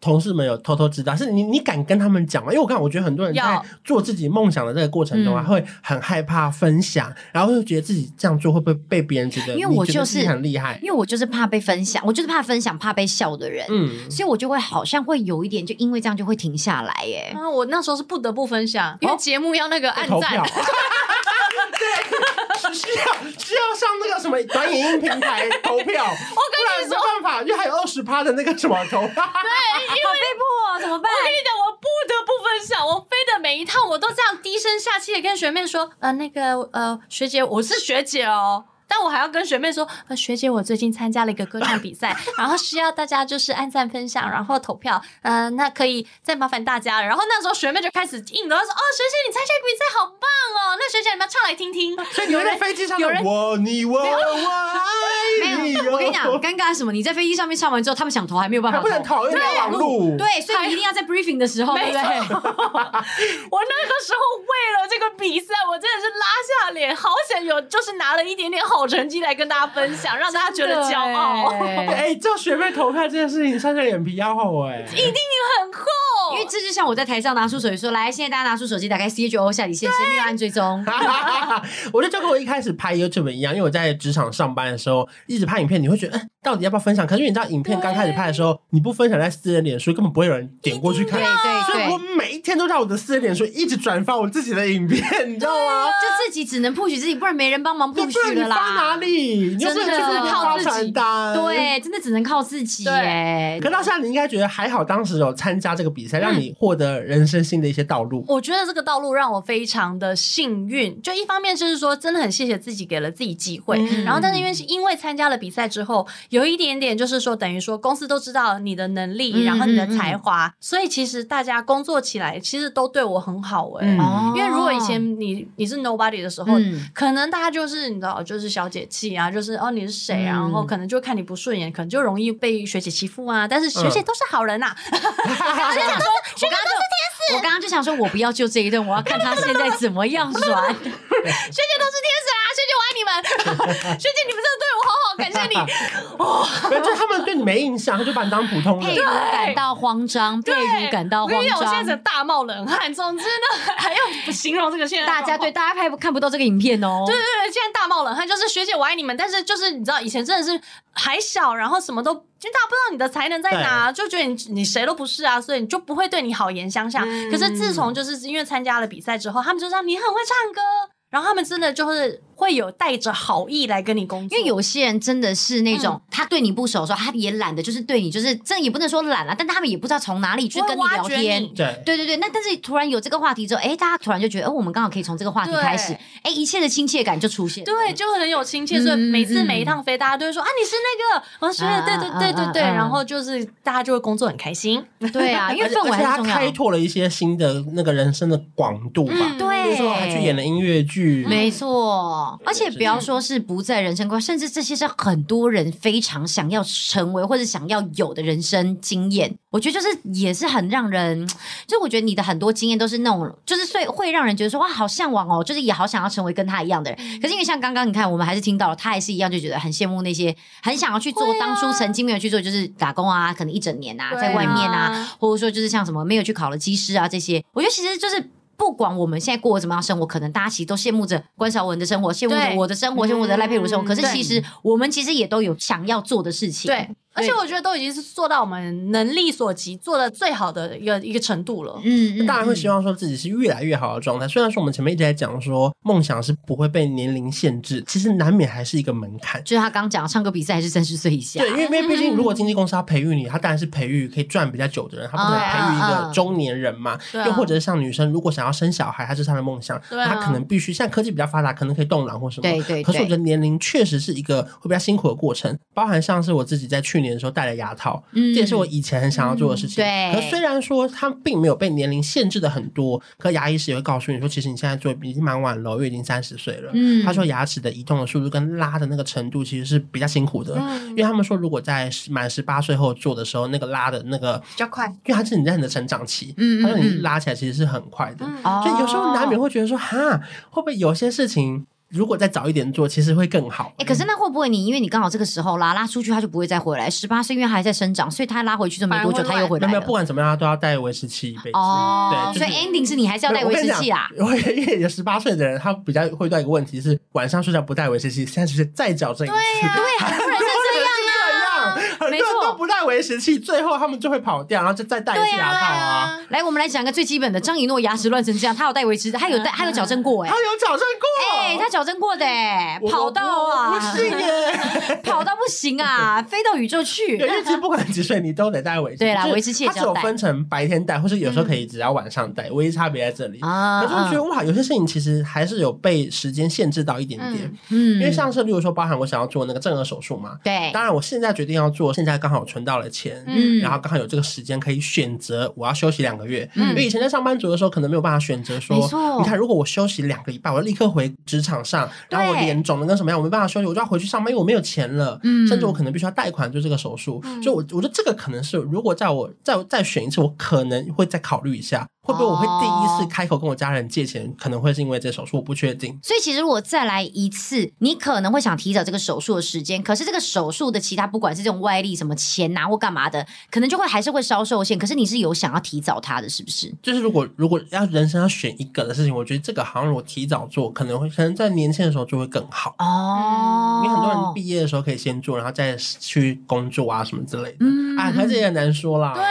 同事們有偷偷知道，是你你敢跟他們講嗎？因為我看我覺得很多人在做自己。自己夢想的這個過程中啊、嗯，會很害怕分享，然後又覺得自己這樣做會不會被別人覺得？因為我就是很厲害，因為我就是怕被分享，我就是怕分享、怕被笑的人，嗯，所以我就會好像會有一點，就因為這樣就會停下來、欸。哎、啊，那我那時候是不得不分享，哦、因為節目要那個按讚。 需要需要上那個什麼短影音平台投票， 我根本沒辦法，因為還有二十趴的那個什麼投票， 對，又被逼迫，哦，怎麼辦？我跟你講，我不得不分享，我飛的每一趟，我都這樣低聲下氣的跟學妹說，呃，那個呃，學姐，我是學姐哦。那我還要跟學妹說，學姐，我最近參加了一個歌唱比賽， 然後需要大家就是按讚分享，然後投票，嗯、呃，那可以再麻煩大家了，然後那時候學妹就開始硬，她說：“哦，學姐你參加比賽好棒哦，那學姐你們要唱來聽聽。啊”所以有人你在飛機上有人我你問我我，你、啊、我跟你講尷尬什麼？你在飛機上面唱完之後，他們想投還沒有辦法投，不能討論在網路，對，對 Hi. 所以你一定要在 briefing 的時候，對不對？ 我那個時候為了這個比賽，我真的是拉下臉，好險有，就是拿了一點點好。成績來跟大家分享，讓大家覺得驕傲。哎、欸，做、 欸、學妹投票這件事情，上下臉皮要厚哎、欸， 一定很厚。因為這就像我在台上拿出手機說：“來，現在大家拿出手機，打開 CHO 下底線先生，按追蹤。 ” 我就就跟我一開始拍 YouTube 一樣，因為我在職場上班的時候一直拍影片，你會覺得哎。嗯到底要不要分享？可是你知道，影片剛開始拍的時候，你不分享在私人臉書，根本不會有人點過去看。對對，所以我每一天都在我的私人臉書一直轉發我自己的影片，你知道嗎、啊？就自己只能 push 自己，不然沒人幫忙 push 啦。就是、你發哪裡？真的、就是就是靠單，靠自己。對，真的只能靠自己耶。嗯、可到現在，你應該覺得還好，當時有參加這個比賽、嗯，讓你獲得人生新的一些道路。我覺得這個道路讓我非常的幸運。就一方面就是說，真的很謝謝自己給了自己機會、嗯。然後，但是因為是因為參加了比賽之後。有一點點，就是說，等於說，公司都知道你的能力，嗯、然後你的才華、嗯嗯，所以其實大家工作起來，其實都對我很好哎、欸。哦、嗯，因為如果以前你你是 nobody 的時候，嗯、可能大家就是你知道，就是小姐氣啊，就是哦你是誰、啊嗯，然後可能就看你不順眼，可能就容易被學姐欺負啊。但是學姐都是好人吶、啊嗯， 我剛剛就想說學姐都是天使。 我剛剛就想說我不要就這一頓，我要看他現在怎麼樣。 學姐都是天使啊！學 你們學姐，你們真的對我好好，感謝你。反正他們對你沒印象， 就他 就把你當普通人。對，對 感到慌張，對，感到慌張。我現在是大冒冷汗。總之呢，還要形容這個。現在大家對大家拍不看不到這個影片哦、喔。對對對，現在大冒冷汗就是學姐我愛你們，但是就是你知道，以前真的是還小，然後什麼都就大家不知道你的才能在哪，就覺得你你誰都不是啊，所以你就不會對你好言相向。可是自從就是因為參加了比賽之後、嗯，他們就知道你很會唱歌，然後他們真的就是。會有帶着好意來跟你工作，因為有些人真的是那種、嗯、他對你不熟說，候他也懶得就是對你，就是這也不能說懶了、啊，但他們也不知道從哪裡去跟你聊天。對，對對對，那但是突然有這個話題之後，誒，大家突然就覺得，哎，我們剛好可以從這個話題開始，誒，一切的親切感就出現了。對，就很有親切、嗯，所以每次每一趟飛，嗯、大家都會說、嗯、啊，你是那個，我說、啊、對對對對對，嗯、然後就是、嗯、大家就會工作很開心。嗯、對啊，因為氛圍他開拓了一些新的那個人生的廣度吧。嗯、對，他、就是、還去演了音樂劇，嗯、沒錯。而且不要說是不在人生觀，甚至這些是很多人非常想要成為或者想要有的人生經驗。我覺得就是也是很讓人，就是我覺得你的很多經驗都是那種，就是所以會讓人覺得說哇，好嚮往哦、喔，就是也好想要成為跟他一樣的人。可是因為像剛剛你看，我們還是聽到了，他還是一樣，就覺得很羨慕那些很想要去做、啊、當初曾經沒有去做，就是打工啊，可能一整年啊，在外面啊，啊或者說就是像什麼沒有去考了機師啊這些。我覺得其實就是。不管我們現在過怎麼樣的生活，可能大家其實都羨慕着關韶文的生活，羨慕着我的生活，羨慕着賴珮如的生活。可是其實我們其實也都有想要做的事情。對。而且我覺得都已經是做到我們能力所及做的最好的一個一個程度了。嗯那、嗯嗯、當然會希望說自己是越來越好的狀態、嗯。雖然說我們前面一直在講說夢想是不會被年齡限制，其實難免還是一個門檻。就是他剛講唱歌比賽還是三十歲以下。對，因為因為畢竟如果經紀公司要培育你，他當然是培育可以賺比較久的人，他不能培育一個中年人嘛。啊啊、又或者是像女生，如果想要生小孩，他是他的夢想，對啊、他可能必須。現在科技比較發達，可能可以凍卵或什麼。對對，對，對。可是我覺得年齡確實是一個會比較辛苦的過程，包含像是我自己在去年的時候戴了牙套、嗯，這也是我以前很想要做的事情。嗯嗯、對，可雖然說他並沒有被年齡限制的很多，可牙醫師也會告訴你說，其實你現在做已經蠻晚了，因為已經三十歲了、嗯。他說牙齒的移動的速度跟拉的那個程度其實是比較辛苦的，嗯、因為他們說如果在滿十八歲後做的時候，那個拉的那個比較快，因為他是你在你的成長期，他、嗯、說你拉起來其實是很快的，嗯、所以有時候難免會覺得說、嗯，哈，會不會有些事情？如果再早一點做，其實會更好。哎、欸，可是那會不會你因為你剛好這個時候拉拉出去，他就不會再回來？十八歲因為還在生長，所以他拉回去就沒多久，他又回來了。沒有，沒有，不管怎麼樣，他都要帶維持器一輩子。哦，對，就是、所以 ending 是你還是要帶維持器啊？我跟你講，因為你因為有十八歲的人，他比較會遇到一個問題是晚上睡覺不帶維持器，現在就是再矯正一次。對、啊 對，都不帶維持器，最後他們就會跑掉，然後就再戴一次牙套啊，啊，啊。來，我們來講個最基本的。張一諾牙齒亂成這樣，他有戴維持， 他有戴，他有矯正過哎、欸， 他有矯正過哎、欸，他矯正過的哎、欸，跑到啊，不是耶， 跑到不行啊， 飛到宇宙去。其實不管幾歲，你都得戴維持，器。 對啦，維持器。它只有分成白天戴，或是有時候可以只要晚上戴，唯、嗯、一直差別在這裡啊。有時候覺得哇，有些事情其實還是有被時間限制到一點點，嗯，嗯因為上次，例如說包含我想要做那個正頜手術嘛，對，當然我現在決定要做。現在剛好存到了錢、嗯，然後剛好有這個時間可以選擇，我要休息兩個月。嗯，因為以前在上班族的時候，可能沒有辦法選擇說，嗯、你看，如果我休息兩個禮拜，我就立刻回職場上，然後我臉腫的跟什麼樣，我沒辦法休息，我就要回去上班，因為我沒有錢了、嗯，甚至我可能必須要貸款做這個手術，嗯、所以，我我覺得這個可能是，如果在我再我再選一次，我可能會再考慮一下。會不會我會第一次開口跟我家人借錢，oh. 可能會是因為這手術，我不確定。所以其實如果再來一次，你可能會想提早這個手術的時間，可是這個手術的其他不管是這種外力什麼錢拿、啊、或幹嘛的，可能就會還是會稍受限。可是你是有想要提早它的是不是？就是如果如果要人生要選一個的事情，我覺得這個好像如果提早做，可能會可能在年輕的時候就會更好哦。你、oh. 嗯、很多人畢業的時候可以先做，然後再去工作啊什麼之類的。嗯、mm -hmm. 哎，啊還是也很難說啦。對。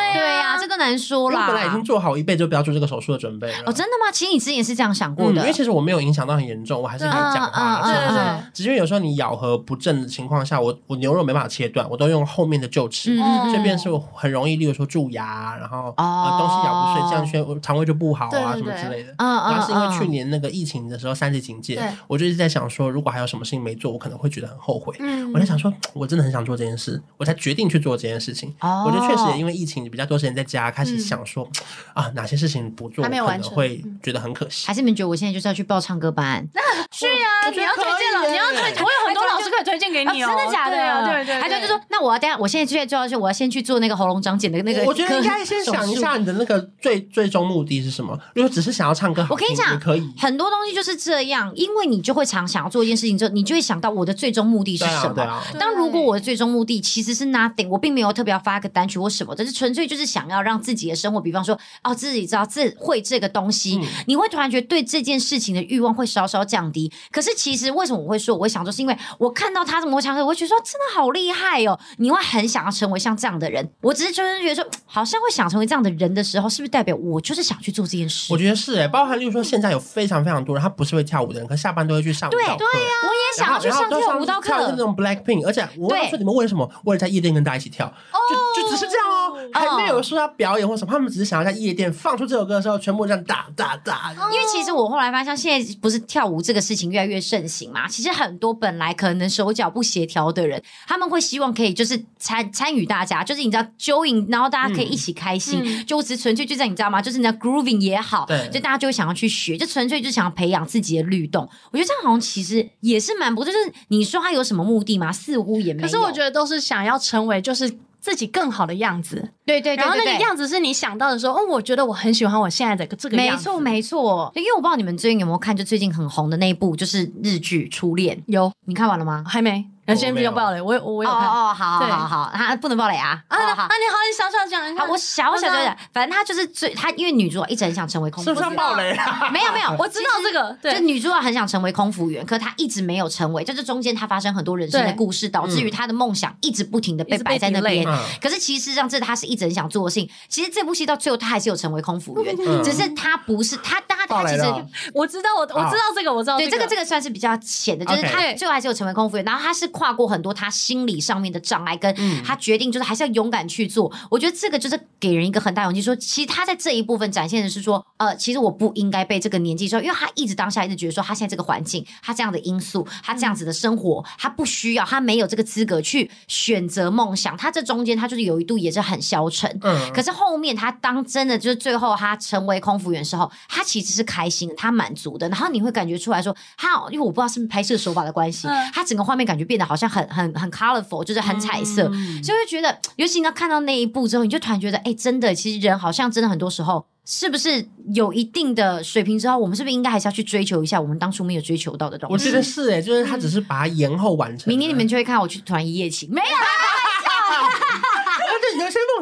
難說啦。我本來已經做好一輩子就不要做這個手術的準備了。哦，真的嗎？其實你之前也是這樣想過的、嗯。因為其實我沒有影響到很嚴重，我還是可以講話、嗯。只是因為有時候你咬合不正的情況下，我我牛肉沒辦法切斷，我都用後面的臼齒。這、嗯、邊是我很容易，例如說蛀牙，然後、哦、東西咬不碎，這樣去腸胃就不好啊對對對，什麼之類的。主、嗯、要是因為去年那個疫情的時候三級警戒，對我就一直在想說，如果還有什麼事情沒做，我可能會覺得很後悔、嗯。我在想說，我真的很想做這件事，我才決定去做這件事情。哦、我覺得確實也因為疫情比較多時間在家。大家開始想說、嗯，啊，哪些事情不做，還沒有可能會覺得很可惜。嗯、還是你們覺得我現在就是要去報唱歌班？去啊，是啊！你要推薦了，你要推薦，我有很多。推薦給你哦，哦，真的假的呀？啊啊？對對，對，他就就說：“那我要等下，我現在現在就要去，我要先去做那個喉嚨長繭的那個。”我覺得應該先想一下，嗯、你的那個最最終目的是什麼。如果只是想要唱歌好聽，我跟你講你可以很多東西就是這樣，因為你就會常想要做一件事情之後，你就會想到我的最終目的是什麼。當、 啊啊，如果我的最終目的其實是 nothing，我並沒有特別要發個單曲或什麼，但是純粹就是想要讓自己的生活，比方說哦自己知道自會這個東西，嗯，你會突然覺得對這件事情的欲望會稍稍降低。可是其實為什麼我會說我會想說是因為我看。看到他這麼強的時候，我覺得說真的好厲害哦、喔！你會很想要成為像這樣的人。我只是突然覺得說，好像會想成為這樣的人的時候，是不是代表我就是想去做這件事？我覺得是哎、欸。包含例如說，現在有非常非常多人他不是會跳舞的人，可下班都會去上對對呀、啊，我也想要去上跳舞舞蹈課。就是那種 BLACKPINK, 而且我問說你們為什麼為了在夜店跟大家一起跳，就、oh, 就只是這樣哦、喔，還沒有說要表演或什麼。Oh. 他們只是想要在夜店放出這首歌的時候，全部這樣打打打。Oh. 因為其實我後來發現，現在不是跳舞這個事情越來越盛行嘛？其實很多本來可能是。手腳不協調的人，他們會希望可以就是參參與大家，就是你知道 join 然後大家可以一起開心，嗯嗯、就只、是、純粹就在你知道嗎？就是那 grooving 也好對，就大家就會想要去學，就純粹就想要培養自己的律動。我覺得這樣好像其實也是蠻不，就是你說他有什麼目的嗎？似乎也沒有，可是我覺得都是想要成為就是。自己更好的樣子，對對對、對，然後那個樣子是你想到的時候，哦，我覺得我很喜歡我現在的這個樣子，沒錯沒錯。因為我不知道你們最近有沒有看，就最近很紅的那一部，就是日劇《初戀》。有，你看完了嗎？還沒。那先不要暴雷，哦、我我，我哦哦，好好好好，他、啊、不能暴雷啊！啊，那你好，你想想講一我想我想講，反正他就是最他，因為女主角一直很想成為空服員，是不是要暴雷了？哦、沒有沒有，我知道這個，對就女主角很想成為空服員，可她一直沒有成為，就是中間她發生很多人生的故事，導致於她的夢想一直不停的被擺在那邊、嗯。可是其實上這她是一直很想做性，其實這部戲到最後她還是有成為空服員，嗯、只是她不是她，大家她其實我知道我我知道這個我知道，對這個這個算是比較淺的，就是她最後還是有成為空服員，然後她是。跨過很多他心理上面的障礙，跟他決定就是還是要勇敢去做，嗯。我覺得這個就是給人一個很大勇氣，說其實他在這一部分展現的是說，呃，其實我不應該被這個年紀說，因為他一直當下一直覺得說，他現在這個環境，他這樣的因素，他這樣子的生活，嗯，他不需要，他沒有這個資格去選擇夢想。他這中間他就是有一度也是很消沉，嗯，可是後面他當真的就是最後他成為空服員的時候，他其實是開心的，他滿足的。然後你會感覺出來說，他因為我不知道是不是拍攝手法的關係，嗯，他整個畫面感覺變得。好像很很很 colorful，就是很彩色，嗯、所以我就會覺得，尤其你要看到那一步之後，你就突然覺得，哎、欸，真的，其實人好像真的很多時候，是不是有一定的水平之後，我們是不是應該還是要去追求一下我們當初沒有追求到的東西？我覺得是哎、欸，就是他只是把它延後完成、啊嗯。明年你們就會看我去《團一夜情》，沒有。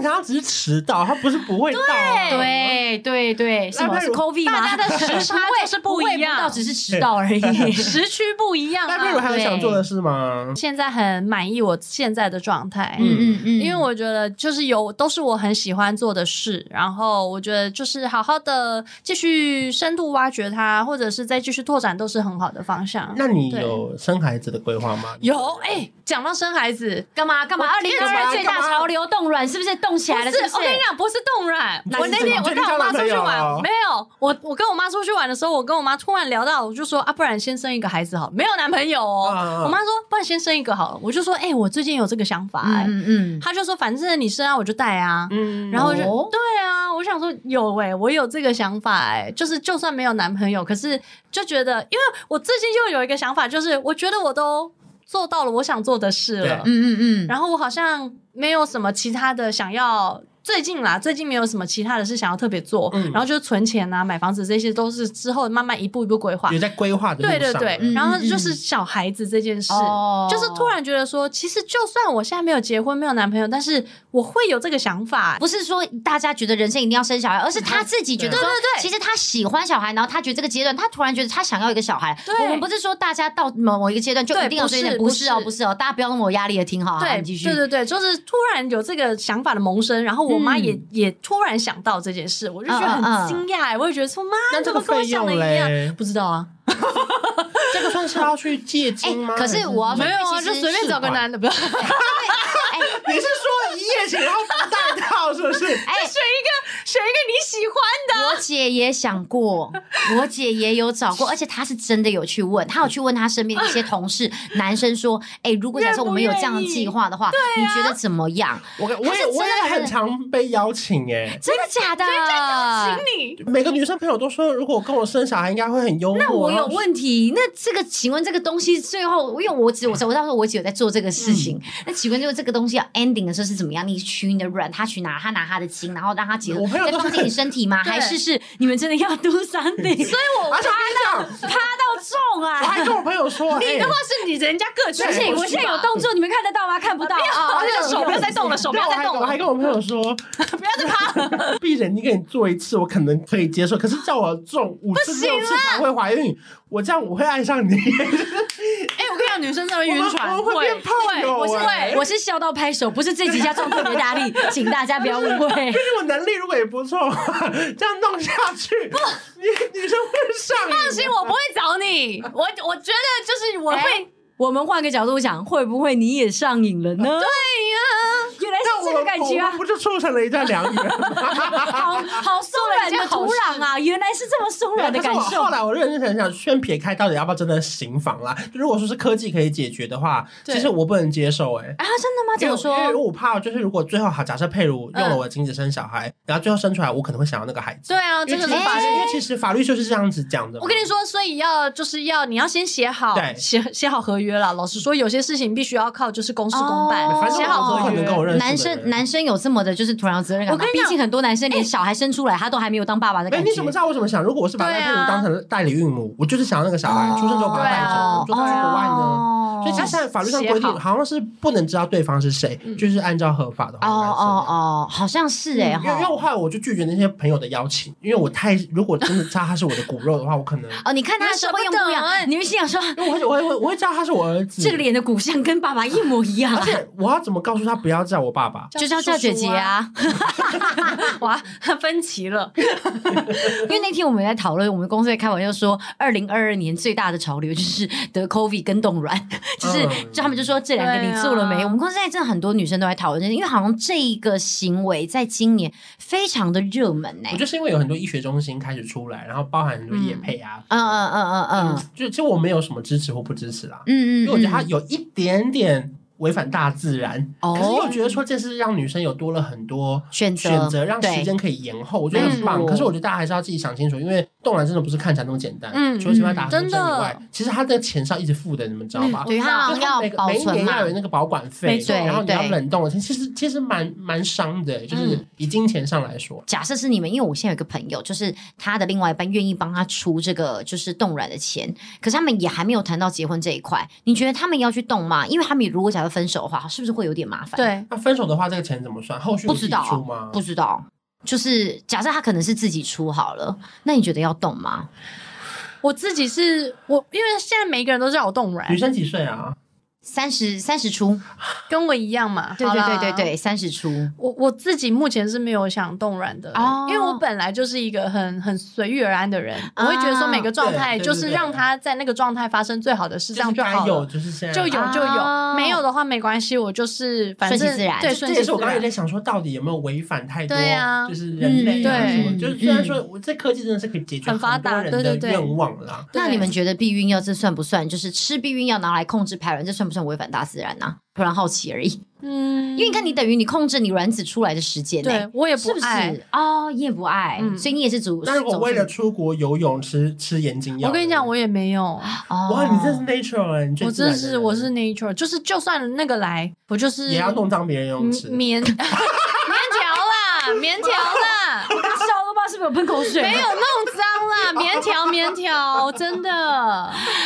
他只是遲到，他不是不會到、啊 對。對對對對，像麼 是 COVID 大家的時差就是不， 不一樣，到只是遲到而已， 時區不一樣啊。那比還想做的事嗎？現在很滿意我現在的狀態。嗯嗯嗯，因為我覺得就是有都是我很喜歡做的事，然後我覺得就是好好的繼續深度挖掘它，或者是再繼續拓展，都是很好的方向。 那你有生孩子的規劃嗎？有哎、講、欸、到生孩子幹嘛幹嘛？二零二二最大潮流凍卵 是不是凍？不是，起來是不是，我跟你講，不是凍卵。我那天我帶我媽出去玩，沒有。我我跟我媽出去玩的時候，我跟我媽突然聊到，我就說啊，不然先生一個孩子好，沒有男朋友哦。Uh, 我媽說，不然先生一個好了。我就說，哎、欸，我最近有這個想法、欸。嗯嗯，她就說，反正你生啊，我就帶啊。嗯，然後就、哦、對啊，我想說有哎、欸，我有這個想法哎、欸，就是就算沒有男朋友，可是就覺得，因為我最近就有一個想法，就是我覺得我都。做到了我想做的事了，嗯嗯嗯，然後我好像沒有什麼其他的想要。最近啦，最近沒有什麼其他的事想要特別做，嗯，然後就是存錢啊、買房子，這些都是之後慢慢一步一步規劃。也在規劃，對對對，嗯。然後就是小孩子這件事，嗯，就是突然覺得說，其實就算我現在沒有結婚，沒有男朋友，但是我會有這個想法。不是說大家覺得人生一定要生小孩，而是他自己覺得說，對、嗯、對對，其實他喜歡小孩，然後他覺得這個階段，他突然覺得他想要一個小孩。對，我們不是說大家到某某一個階段就一定要生小孩。不是哦，不是哦，大家不要那麼有壓力也挺好。對，好，繼續，對對對，就是突然有這個想法的萌生，然後。我媽也也突然想到這件事，我就覺得很驚訝、嗯、我也覺得說媽、嗯嗯，那這個跟我想的一樣。不知道啊， 這個算是要去借精嗎？可是我沒有啊，就隨便找個男的不要哈、欸就是欸。你是說一夜情要不戴套，是不是？哎、欸，欸欸、就選一個。選一個你喜歡的？我姐也想過，我姐也有找過， 而且她是真的有去問，她有去問她身邊的一些同事 男生說：“哎、欸，如果假設我們有這樣的計劃的話、 啊，你覺得怎麼樣？”我我也我也很常被邀請哎， 真的假的？真的真的請你。每個女生朋友都說，如果跟我生小孩，應該會很幽默。那我有問題，那這個請問這個東西最後，因為我我我到時候我姐有在做這個事情，嗯、那請問就是這個東西要 ending 的時候是怎麼樣？你取你的卵，他取拿，他拿他的精，然後讓他結婚。在放自己身體嗎？還是是你們真的要 do something，所以我趴到趴到，到重啊！ 我還跟我朋友說，你的話是你人家各人。而 且、欸、我現在有動作，有動作，你們看得到嗎？啊、看不到啊！而且手不要再動了，手不要再動。我還跟我朋友說，不要再趴。畢、啊、人，你給你做一次，我可能可以接受。可是叫我重五次、六次才會懷孕，我這樣我會愛上你。啊我看到女生在那暈船，我我會變胖、欸、我是我是笑到拍手，不是這幾下撞特別大力， 請大家不要誤會。其實我能力如果也不錯， 這樣弄下去，不，女女生會上。你放心，我不會找你。我我覺得就是我會。欸我們換個角度想，會不會你也上癮了呢？對呀、啊，原來是這個感覺啊！我我不就促成了一段良緣？ 好，好鬆軟的土壤啊，原來是這麼鬆軟的感受、嗯。後來我認真想想，先撇開到底要不要真的行房啦、啊。如果說是科技可以解決的話，其實我不能接受哎、欸。啊，真的嗎？怎麼說因？因為我怕，就是如果最後，假設佩如用了我的精子生小孩、嗯，然後最後生出來，我可能會想要那個孩子。對啊，這個是法律、欸，因為其實法律就是這樣子講的。我跟你說，所以要就是要你要先寫好，寫寫好合約。老實說，有些事情必須要靠，就是公事公辦。哦、我能我認識寫好多，男生男生有這麼的就是突然有責任感。畢竟很多男生連、欸、小孩生出來，他都還沒有當爸爸的感覺。你怎麼知道我怎麼想？如果我是把賴珮如當成代理孕母、啊，我就是想要那個小孩出生之後把他帶走，我、嗯嗯、帶去國外呢。啊 oh、yeah, 所以其實現在法律上規定，好像是不能知道對方是誰，就是按照合法的、嗯。哦哦、嗯、哦，好像是哎、欸。因為因為的話，哦、後來我就拒絕那些朋友的邀請，嗯、因為我太如果真的知道他是我的骨肉的話， 我可能哦，你看他用不得。你們心想說，我會我會我會知道他是我。這個臉的骨相跟爸爸一模一樣。我要怎麼告訴他不要叫我爸爸，就叫叫姐姐啊！ 哇，分歧了。 因為那天我們在討論，我們公司在開玩笑說，二零二二年最大的潮流就是得 COVID 跟凍卵，就是、嗯、就他們就說這兩個你做了沒有、啊？我們公司現在真的很多女生都在討論，因為好像這一個行為在今年非常的熱門呢、欸。我就是因為有很多醫學中心開始出來，然後包含很多業配啊，嗯嗯嗯嗯嗯，就其實我沒有什麼支持或不支持啦，嗯。因為我覺得他有一點點違反大自然，嗯、可是又覺得說這是讓女生有多了很多選擇，選擇讓時間可以延後，我覺得很棒、嗯。可是我覺得大家還是要自己想清楚，因為凍卵真的不是看起來那麼簡單，嗯，除了要打針以外，其實他的錢上一直付的，你們知道嗎？嗯、對，他要保存每年要有那個保管費，對，然後你要冷凍，其實其實蠻蠻傷的、欸，就是以金錢上來說。嗯、假設是你們，因為我現在有一個朋友，就是他的另外一半願意幫他出這個就是凍卵的錢，可是他們也還沒有談到結婚這一塊，你覺得他們要去動嗎？因為他們如果假設分手的話，是不是會有點麻煩？對，那分手的話，這個錢怎麼算？後續會出嗎？不知道、啊。不知道就是假設他可能是自己出好了，那你覺得要動嗎？我自己是我，因為現在每一個人都知道我動，女生幾歲啊？三十三十出，跟我一樣嘛。對 對對對對，三十出。我我自己目前是沒有想動軟的，oh. 因為我本來就是一個很很隨遇而安的人。Oh. 我會覺得說每個狀態、oh. 就是讓他在那個狀態發生最好的事，這樣就好了、就是有就是這樣。就有就有，oh. 沒有的話沒關係，我就是順其自然。對，順其自然。這其實我剛也在想說，到底有沒有違反太多、啊？對啊，嗯、對就是人類什麼？就是雖然說，我這科技真的是可以解決。很多人的願望啦。那你們覺得避孕藥這算不算？就是吃避孕藥拿來控制排卵，這算不算？違反大自然吶、啊，突然好奇而已。嗯，因為你看，你等於你控制你卵子出來的時間、欸。對，我也不愛啊、哦，也不愛、嗯，所以你也是主。但是我為了出國游泳吃吃延經藥，我跟你講，我也沒有。哇，哦、你真是 nature、欸、人，我真是我是 nature，就是就算那個來，我就是也要弄髒別人泳池。棉棉條 啦，棉條啦，笑了吧？是不是有噴口水？沒有弄髒。啊 綿條，棉條棉條，真的，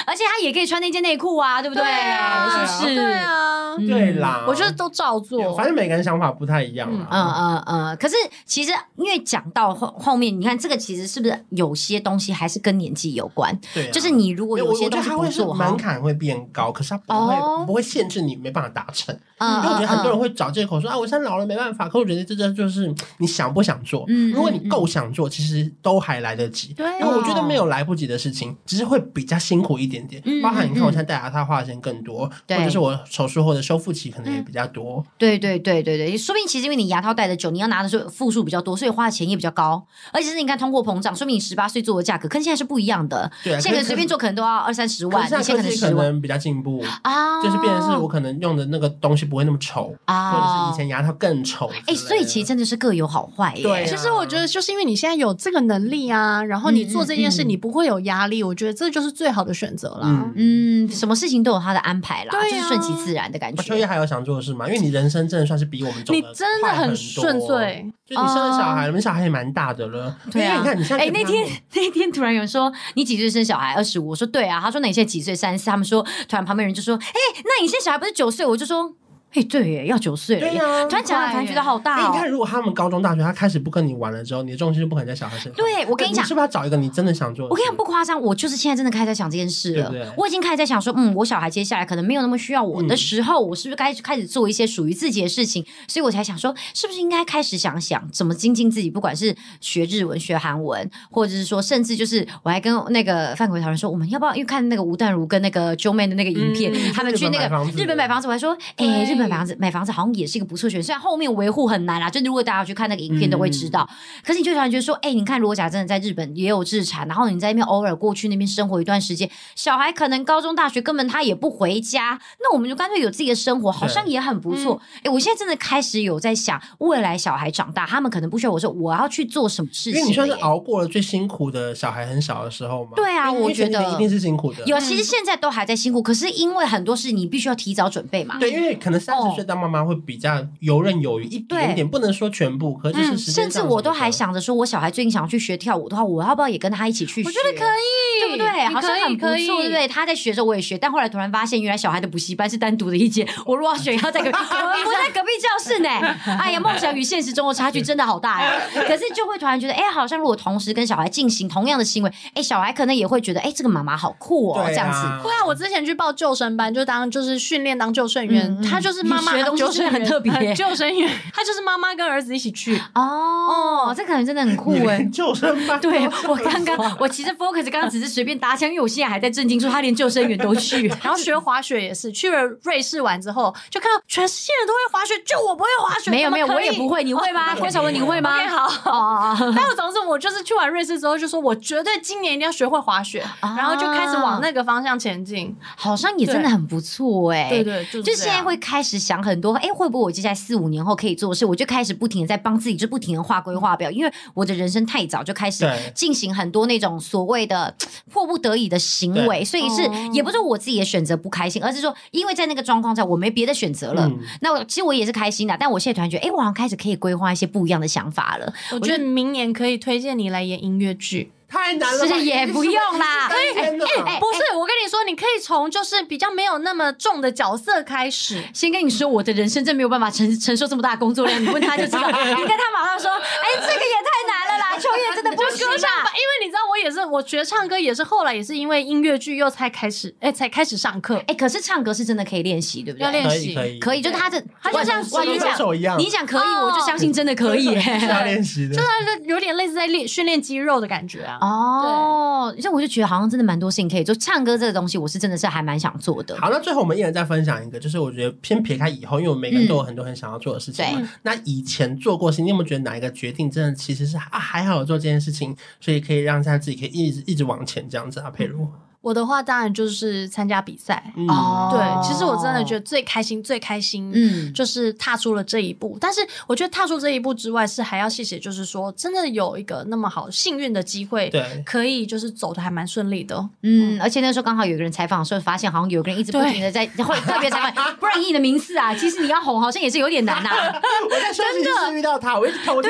而且他也可以穿那件內褲啊，對不對？對啊，是，對啊，是，對啊、嗯，對啦，我覺得都照做，反正每個人想法不太一樣、啊、嗯嗯嗯，嗯，嗯，可是其實因為講到後後面，你看這個其實是不是有些東西還是跟年紀有關？對、啊？就是你如果有些東西我覺得還會是門檻會變高，可是它不會不會限制你，哦、沒辦法達成。因、嗯、為我覺得很多人會找借口說、嗯、啊、哎、我現在老了沒辦法，可我覺得這這就是你想不想做。嗯，如果你夠想做，嗯，其實都還來得及。對。那、嗯、我覺得沒有來不及的事情，只是會比較辛苦一點點。嗯，包含你看、嗯、我現在戴牙套花的錢更多，對、嗯，或者是我手術後的修復期可能也比較多、嗯。對對對對對，說不定其實因為你牙套戴的久，你要拿的是複數比較多，所以花的錢也比較高。而且是你看通貨膨脹，說明你十八歲做的價格跟現在是不一樣的。對、啊，現在可能隨便做可能都要二三十萬。可是現在是可能比較進步啊、哦，就是變的是我可能用的那個東西不會那麼醜啊、哦，或者是以前牙套更醜。哎，所以其實真的是各有好壞。對、啊，其、就、實、是、我覺得就是因為你現在有這個能力啊，然後你、嗯。做這件事，你不會有壓力、嗯，我覺得這就是最好的選擇了、嗯。嗯，什麼事情都有他的安排啦，啊、就是順其自然的感覺。啊、丘曄還有想做的事嗎？因為你人生真的算是比我們走的，你真的很順遂。就你生了小孩，呃、你們小孩也蠻大的了。對、啊欸，你看你現在孩。那天那天突然有人說你幾歲生小孩？二十五，我說對啊。他說那你現在幾歲？三十四。他們說突然旁邊人就說，哎、欸，那你現在小孩不是九歲？我就說。哎、hey,，對，要九歲。了啊，突然講到反覺得好大、哦啊欸、你看，如果他們高中、大學，他開始不跟你玩了之後，你的重心就不可能在小孩身上。對，我跟你講，你是不是要找一個你真的想做的？我跟你講，不誇張，我就是現在真的開始在想這件事了。對，對。我已經開始在想說，嗯，我小孩接下來可能沒有那麼需要我的時候、嗯，我是不是該開始做一些屬於自己的事情？所以我才想說，是不是應該開始想想怎麼精進自己？不管是學日文、學韓文，或者是說，甚至就是我還跟那個范國討論說，我們要不要？因為看那個吳淡如跟那個 Joeman 的那個影片，嗯、他們去那個日本，日本買房子，我還說，哎、欸，日本。買房子買房子好像也是一個不錯選擇，雖然後面維護很難啦、啊,就，如果大家去看那個影片，都會知道。嗯、可是你就突然覺得說，哎、欸，你看，如果假真的在日本也有資產，然後你在那邊偶爾過去那邊生活一段時間，小孩可能高中大學根本他也不回家，那我們就乾脆有自己的生活，好像也很不錯。哎、嗯欸，我現在真的開始有在想未來小孩長大，他們可能不需要我說我要去做什麼事情、欸。因為你算是熬過了最辛苦的小孩很小的時候嗎？對啊，我覺得一定是辛苦的。有，其實現在都還在辛苦，可是因為很多事你必須要提早準備嘛。對，因為可能是。歲當媽媽會比較游刃有餘、嗯、一點點，不能說全部，可是就是時間上、嗯、甚至我都還想着說，我小孩最近想要去學跳舞的話，我要不要也跟他一起去學？我覺得可以，對不對？可以好像很不錯可以，對不對？他在學着，我也學，但後來突然發現，原來小孩的補習班是單獨的一間，我如果要學，要在隔壁， 我在隔壁教室呢。 哎呀，夢想與現實中的差距真的好大呀！可是就會突然覺得，哎，好像如果同時跟小孩進行同樣的行為，哎，小孩可能也會覺得，哎，這個媽媽好酷哦，啊、這樣子。對啊、嗯，我之前去報救生班，就當就是訓練當救生員，嗯嗯、他就是。就是媽媽很特別。救生員，欸、生員 他就是媽媽跟兒子一起去哦哦，這、oh, oh, 可能真的很酷哎、欸！ 救生員，對我剛剛我其實 focus 剛剛只是隨便搭腔， 因為我現在還在震驚，說他連救生員都去， 然後學滑雪也是 去了瑞士玩之後，就看到全世界人都會滑雪，就我不會滑雪， 沒有沒有，我也不會，你會嗎？關韶文，你會嗎？ okay, 好，但 總之我就是去完瑞士之後，就說我絕對今年一定要學會滑雪，ah, 然後就開始往那個方向前進，好像也真的很不錯哎、欸！對對，對、就是，就現在會開。是想很多，哎，會不會我接下來四五年後可以做事？我就開始不停的在幫自己，就不停的畫規劃表，因為我的人生太早就開始進行很多那種所謂的迫不得已的行為，所以是、嗯、也不是我自己的選擇不開心，而是說因為在那個狀況下我沒別的選擇了。嗯、那我其實我也是開心的，但我現在突然覺得，哎，我好像開始可以規劃一些不一樣的想法了。我覺得明年可以推薦你來演音樂劇。其實也不用啦，哎哎、欸欸欸、不是、欸，我跟你說，你可以從就是比較沒有那麼重的角色開始。先跟你說，我的人生真沒有辦法承承受這麼大的工作量，你問他就知道。 你跟他馬上說，哎、 欸，這個也太難了啦，丘 曄真的不適合唱，因為你知道，我也是，我覺得唱歌也是後來也是因為音樂劇又才開始，哎、欸、才開始上課。哎、欸，可是唱歌是真的可以練習，對不對？要練習，可以，可以可以就他這，他就像你想你想可以、哦，我就相信真的可以、欸。是在練習的，真的是有點類似在練訓練肌肉的感覺啊。哦、oh，像我就覺得好像真的蠻多事情可以做，就唱歌這個東西我是真的是還蠻想做的。好，那最後我們一人再分享一個，就是我覺得先撇開以後，因為我們每個人都有很多很想要做的事情嘛、嗯。對，那以前做過，你有沒有覺得哪一個決定真的其實是啊還好做這件事情，所以可以讓現在自己可以一直一直往前這樣子啊？珮、嗯、如。我的話當然就是參加比賽，哦、嗯。對哦，其實我真的覺得最開心、嗯、最開心，嗯，就是踏出了這一步、嗯。但是我覺得踏出這一步之外，是還要謝謝，就是說真的有一個那麼好幸運的機會，對，可以就是走的還蠻順利的。嗯，而且那時候剛好有個人採訪的時候，發現好像有個人一直不停的在，會特別採訪， 不然以你的名次啊，其實你要紅好像也是有點難吶、啊。 我在說你是遇到他，我一直偷偷講說這個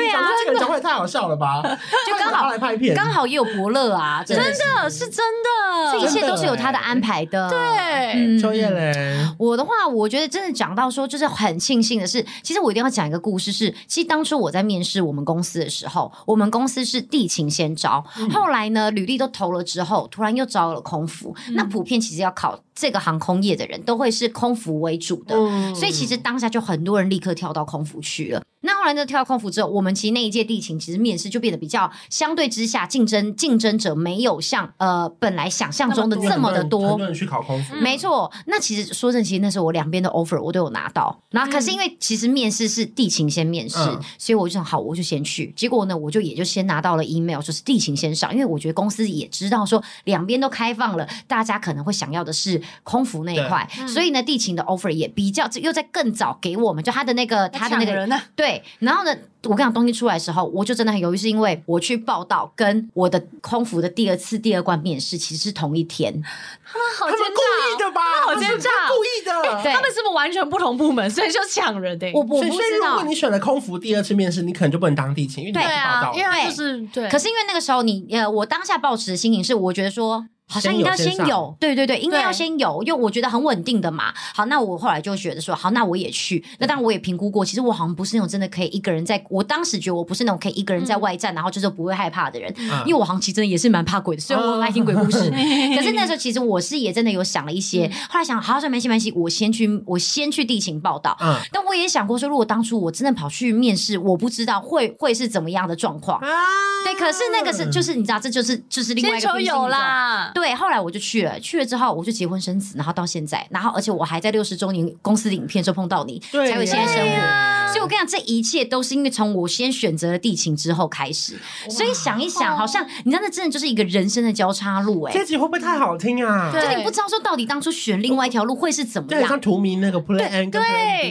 人講話也太好笑了吧？ 就剛好剛好也有伯樂啊，真的是 真的。一切、欸、都是有他的安排的。對，丘曄嘞？我的話，我覺得真的講到說，就是很慶幸的是，其實我一定要講一個故事。是，其實當初我在面試我們公司的時候，我們公司是地勤先招，嗯，後來呢，履歷都投了之後，突然又招了空服，嗯。那普遍其實要考這個航空業的人都會是空服為主的，嗯，所以其實當下就很多人立刻跳到空服去了。嗯，那後來呢，跳到空服之後，我們其實那一屆地勤其實面試就變得比較相對之下競爭競爭者沒有像呃本來想象。中的這麼的多、嗯，沒錯。那其實說正，其實那時候我兩邊的 offer，我都有拿到。然後可是因為其實面試是地勤先面試，所以我就想好，我就先去。結果呢，我就也就先拿到了 email，說是地勤先上，因為我覺得公司也知道說兩邊都開放了，大家可能會想要的是空服那一塊，所以呢，地勤的 offer 也比較又在更早給我們，就他的那個他的那個對，然後呢。我跟你講，東西出來的時候，我就真的很猶豫，是因為我去報到跟我的空服的第二次第二關面試其實是同一天。他們好奸詐喔、他們故意的吧？他們好奸詐！他是他故意的、欸。他們是不是完全不同部門，所以就搶人、欸？的。我不知道。所以如果你選了空服第二次面試，你可能就不能當地勤，因為太報到是、啊。對，可是因為那個時候你呃，我當下抱持的心情是，我覺得說。好像應該先有，先有先，對對對，應該要先有，因為我覺得很穩定的嘛。好，那我後來就覺得說，好，那我也去。那當然我也評估過，其實我好像不是那種真的可以一個人在，我當時覺得我不是那種可以一個人在外站，嗯、然後就是不會害怕的人、嗯，因為我好像其實也是蠻怕鬼的。所以我很愛聽鬼故事，哦、可是那時候其實我是也真的有想了一些。嗯、後來想，好，算沒事沒事，我先去，我先去地勤報到。嗯。但我也想過說，如果當初我真的跑去面試，我不知道會會是怎麼樣的狀況啊。對，可是那個是就是你知道，這就是就是另外一個。有啦。對，後來我就去了，去了之後我就結婚生子，然後到現在，然後而且我還在六十週年公司的影片就碰到你，對，才會現在生活。啊。所以我跟你講，這一切都是因為從我先選擇了地勤之後開始。所以想一想，好像，好像你知道，那真的就是一個人生的交叉路。欸。哎，這集會不會太好聽啊？對。你不知道說到底當初選另外一條路會是怎麼樣？哦、就像圖迷那個 Plan A 跟 Plan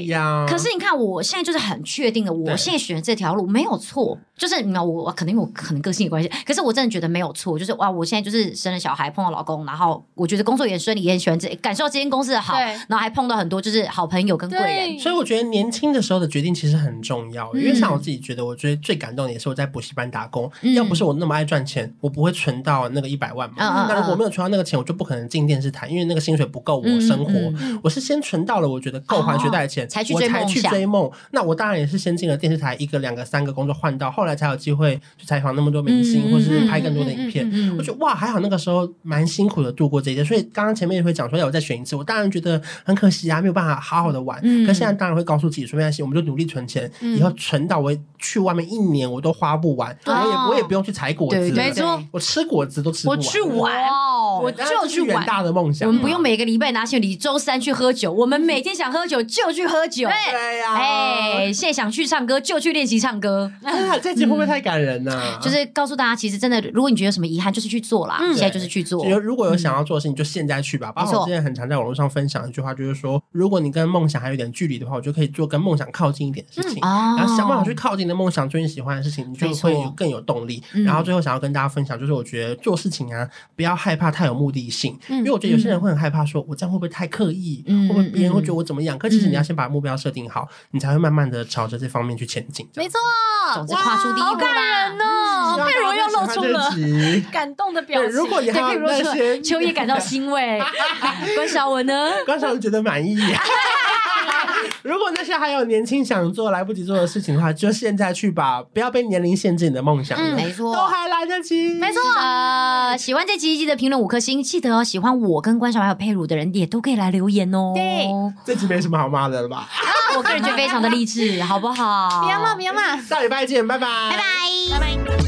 B，可是你看，我現在就是很確定的，我現在選的這條路沒有錯。就是你知道，我我可能因為我可能個性的關係，可是我真的覺得沒有錯。就是哇，我現在就是生了小孩。碰到老公，然後我覺得工作也順利，也很喜歡這，感受這間公司的好，然後還碰到很多就是好朋友跟貴人。所以我覺得年輕的時候的決定其實很重要、嗯，因為像我自己覺得，我覺得最感動的也是我在補習班打工，嗯、要不是我那麼愛賺錢，我不會存到那個一百萬嘛、嗯嗯。那如果我沒有存到那個錢，我就不可能進電視台，因為那個薪水不夠我生活。嗯嗯、我是先存到了，我覺得夠還學貸的錢、哦，我才去追夢。那我當然也是先進了電視台，一個、兩個、三個工作換到，後來才有機會去採訪那麼多明星，嗯、或是，是拍更多的影片。嗯嗯嗯嗯、我覺得哇，還好那個時候。蠻辛苦的度過這一些，所以剛剛前面也會講說要、哎，我再選一次，我當然覺得很可惜啊，沒有辦法好好的玩。嗯、可現在當然會告訴自己說沒關係，我們就努力存錢，嗯、以後存到我去外面一年我都花不完，嗯、我也、哦、我也不用去採果子。沒錯，我吃果子都吃不完，對對對。我去玩、哦，我就去玩，遠大的夢想。我們不用每個禮拜拿去你周三去喝酒， 我們每天想喝酒就去喝酒。對呀、啊，哎，現在想去唱歌就去練習唱歌，哎、呀，這集會不會太感人呢？、啊嗯？就是告訴大家，其實真的，如果你覺得有什麼遺憾，就是去做啦。嗯、現在就是去做。就如果有想要做的事情、嗯，就現在去吧。包括我之前很常在網絡上分享一句話，就是說，如果你跟夢想還有一點距離的話，我就可以做跟夢想靠近一點的事情、嗯哦，然後想辦法去靠近你的夢想，做你喜歡的事情，你就會有更有動力、嗯。然後最後想要跟大家分享，就是我覺得做事情啊，不要害怕太有目的性，嗯、因為我覺得有些人會很害怕說，嗯、我這樣會不會太刻意，嗯、會不會別人會覺得我怎麼樣？可、嗯、其實你要先把目標設定好、嗯，你才會慢慢的朝着這方面去前進。沒錯，總之跨出第一步吧，哇，好感人哦，珮如又露出了感動的表情。如果你丘曄感到欣慰， 關韶文呢？關韶文覺得滿意。 如果那些還有年輕想做來不及做的事情的話，就現在去吧，不要被年齡限制你的夢想、嗯。沒錯，都還來得及。沒錯、呃，喜歡這集記得評論五顆星，記得哦。喜歡我跟關韶文還有珮如的人也都可以來留言哦。對，這集沒什麼好罵的了吧？ 我個人覺得非常的勵志， 好不好？不要罵，不要罵。下禮拜見，拜拜，拜拜，拜拜。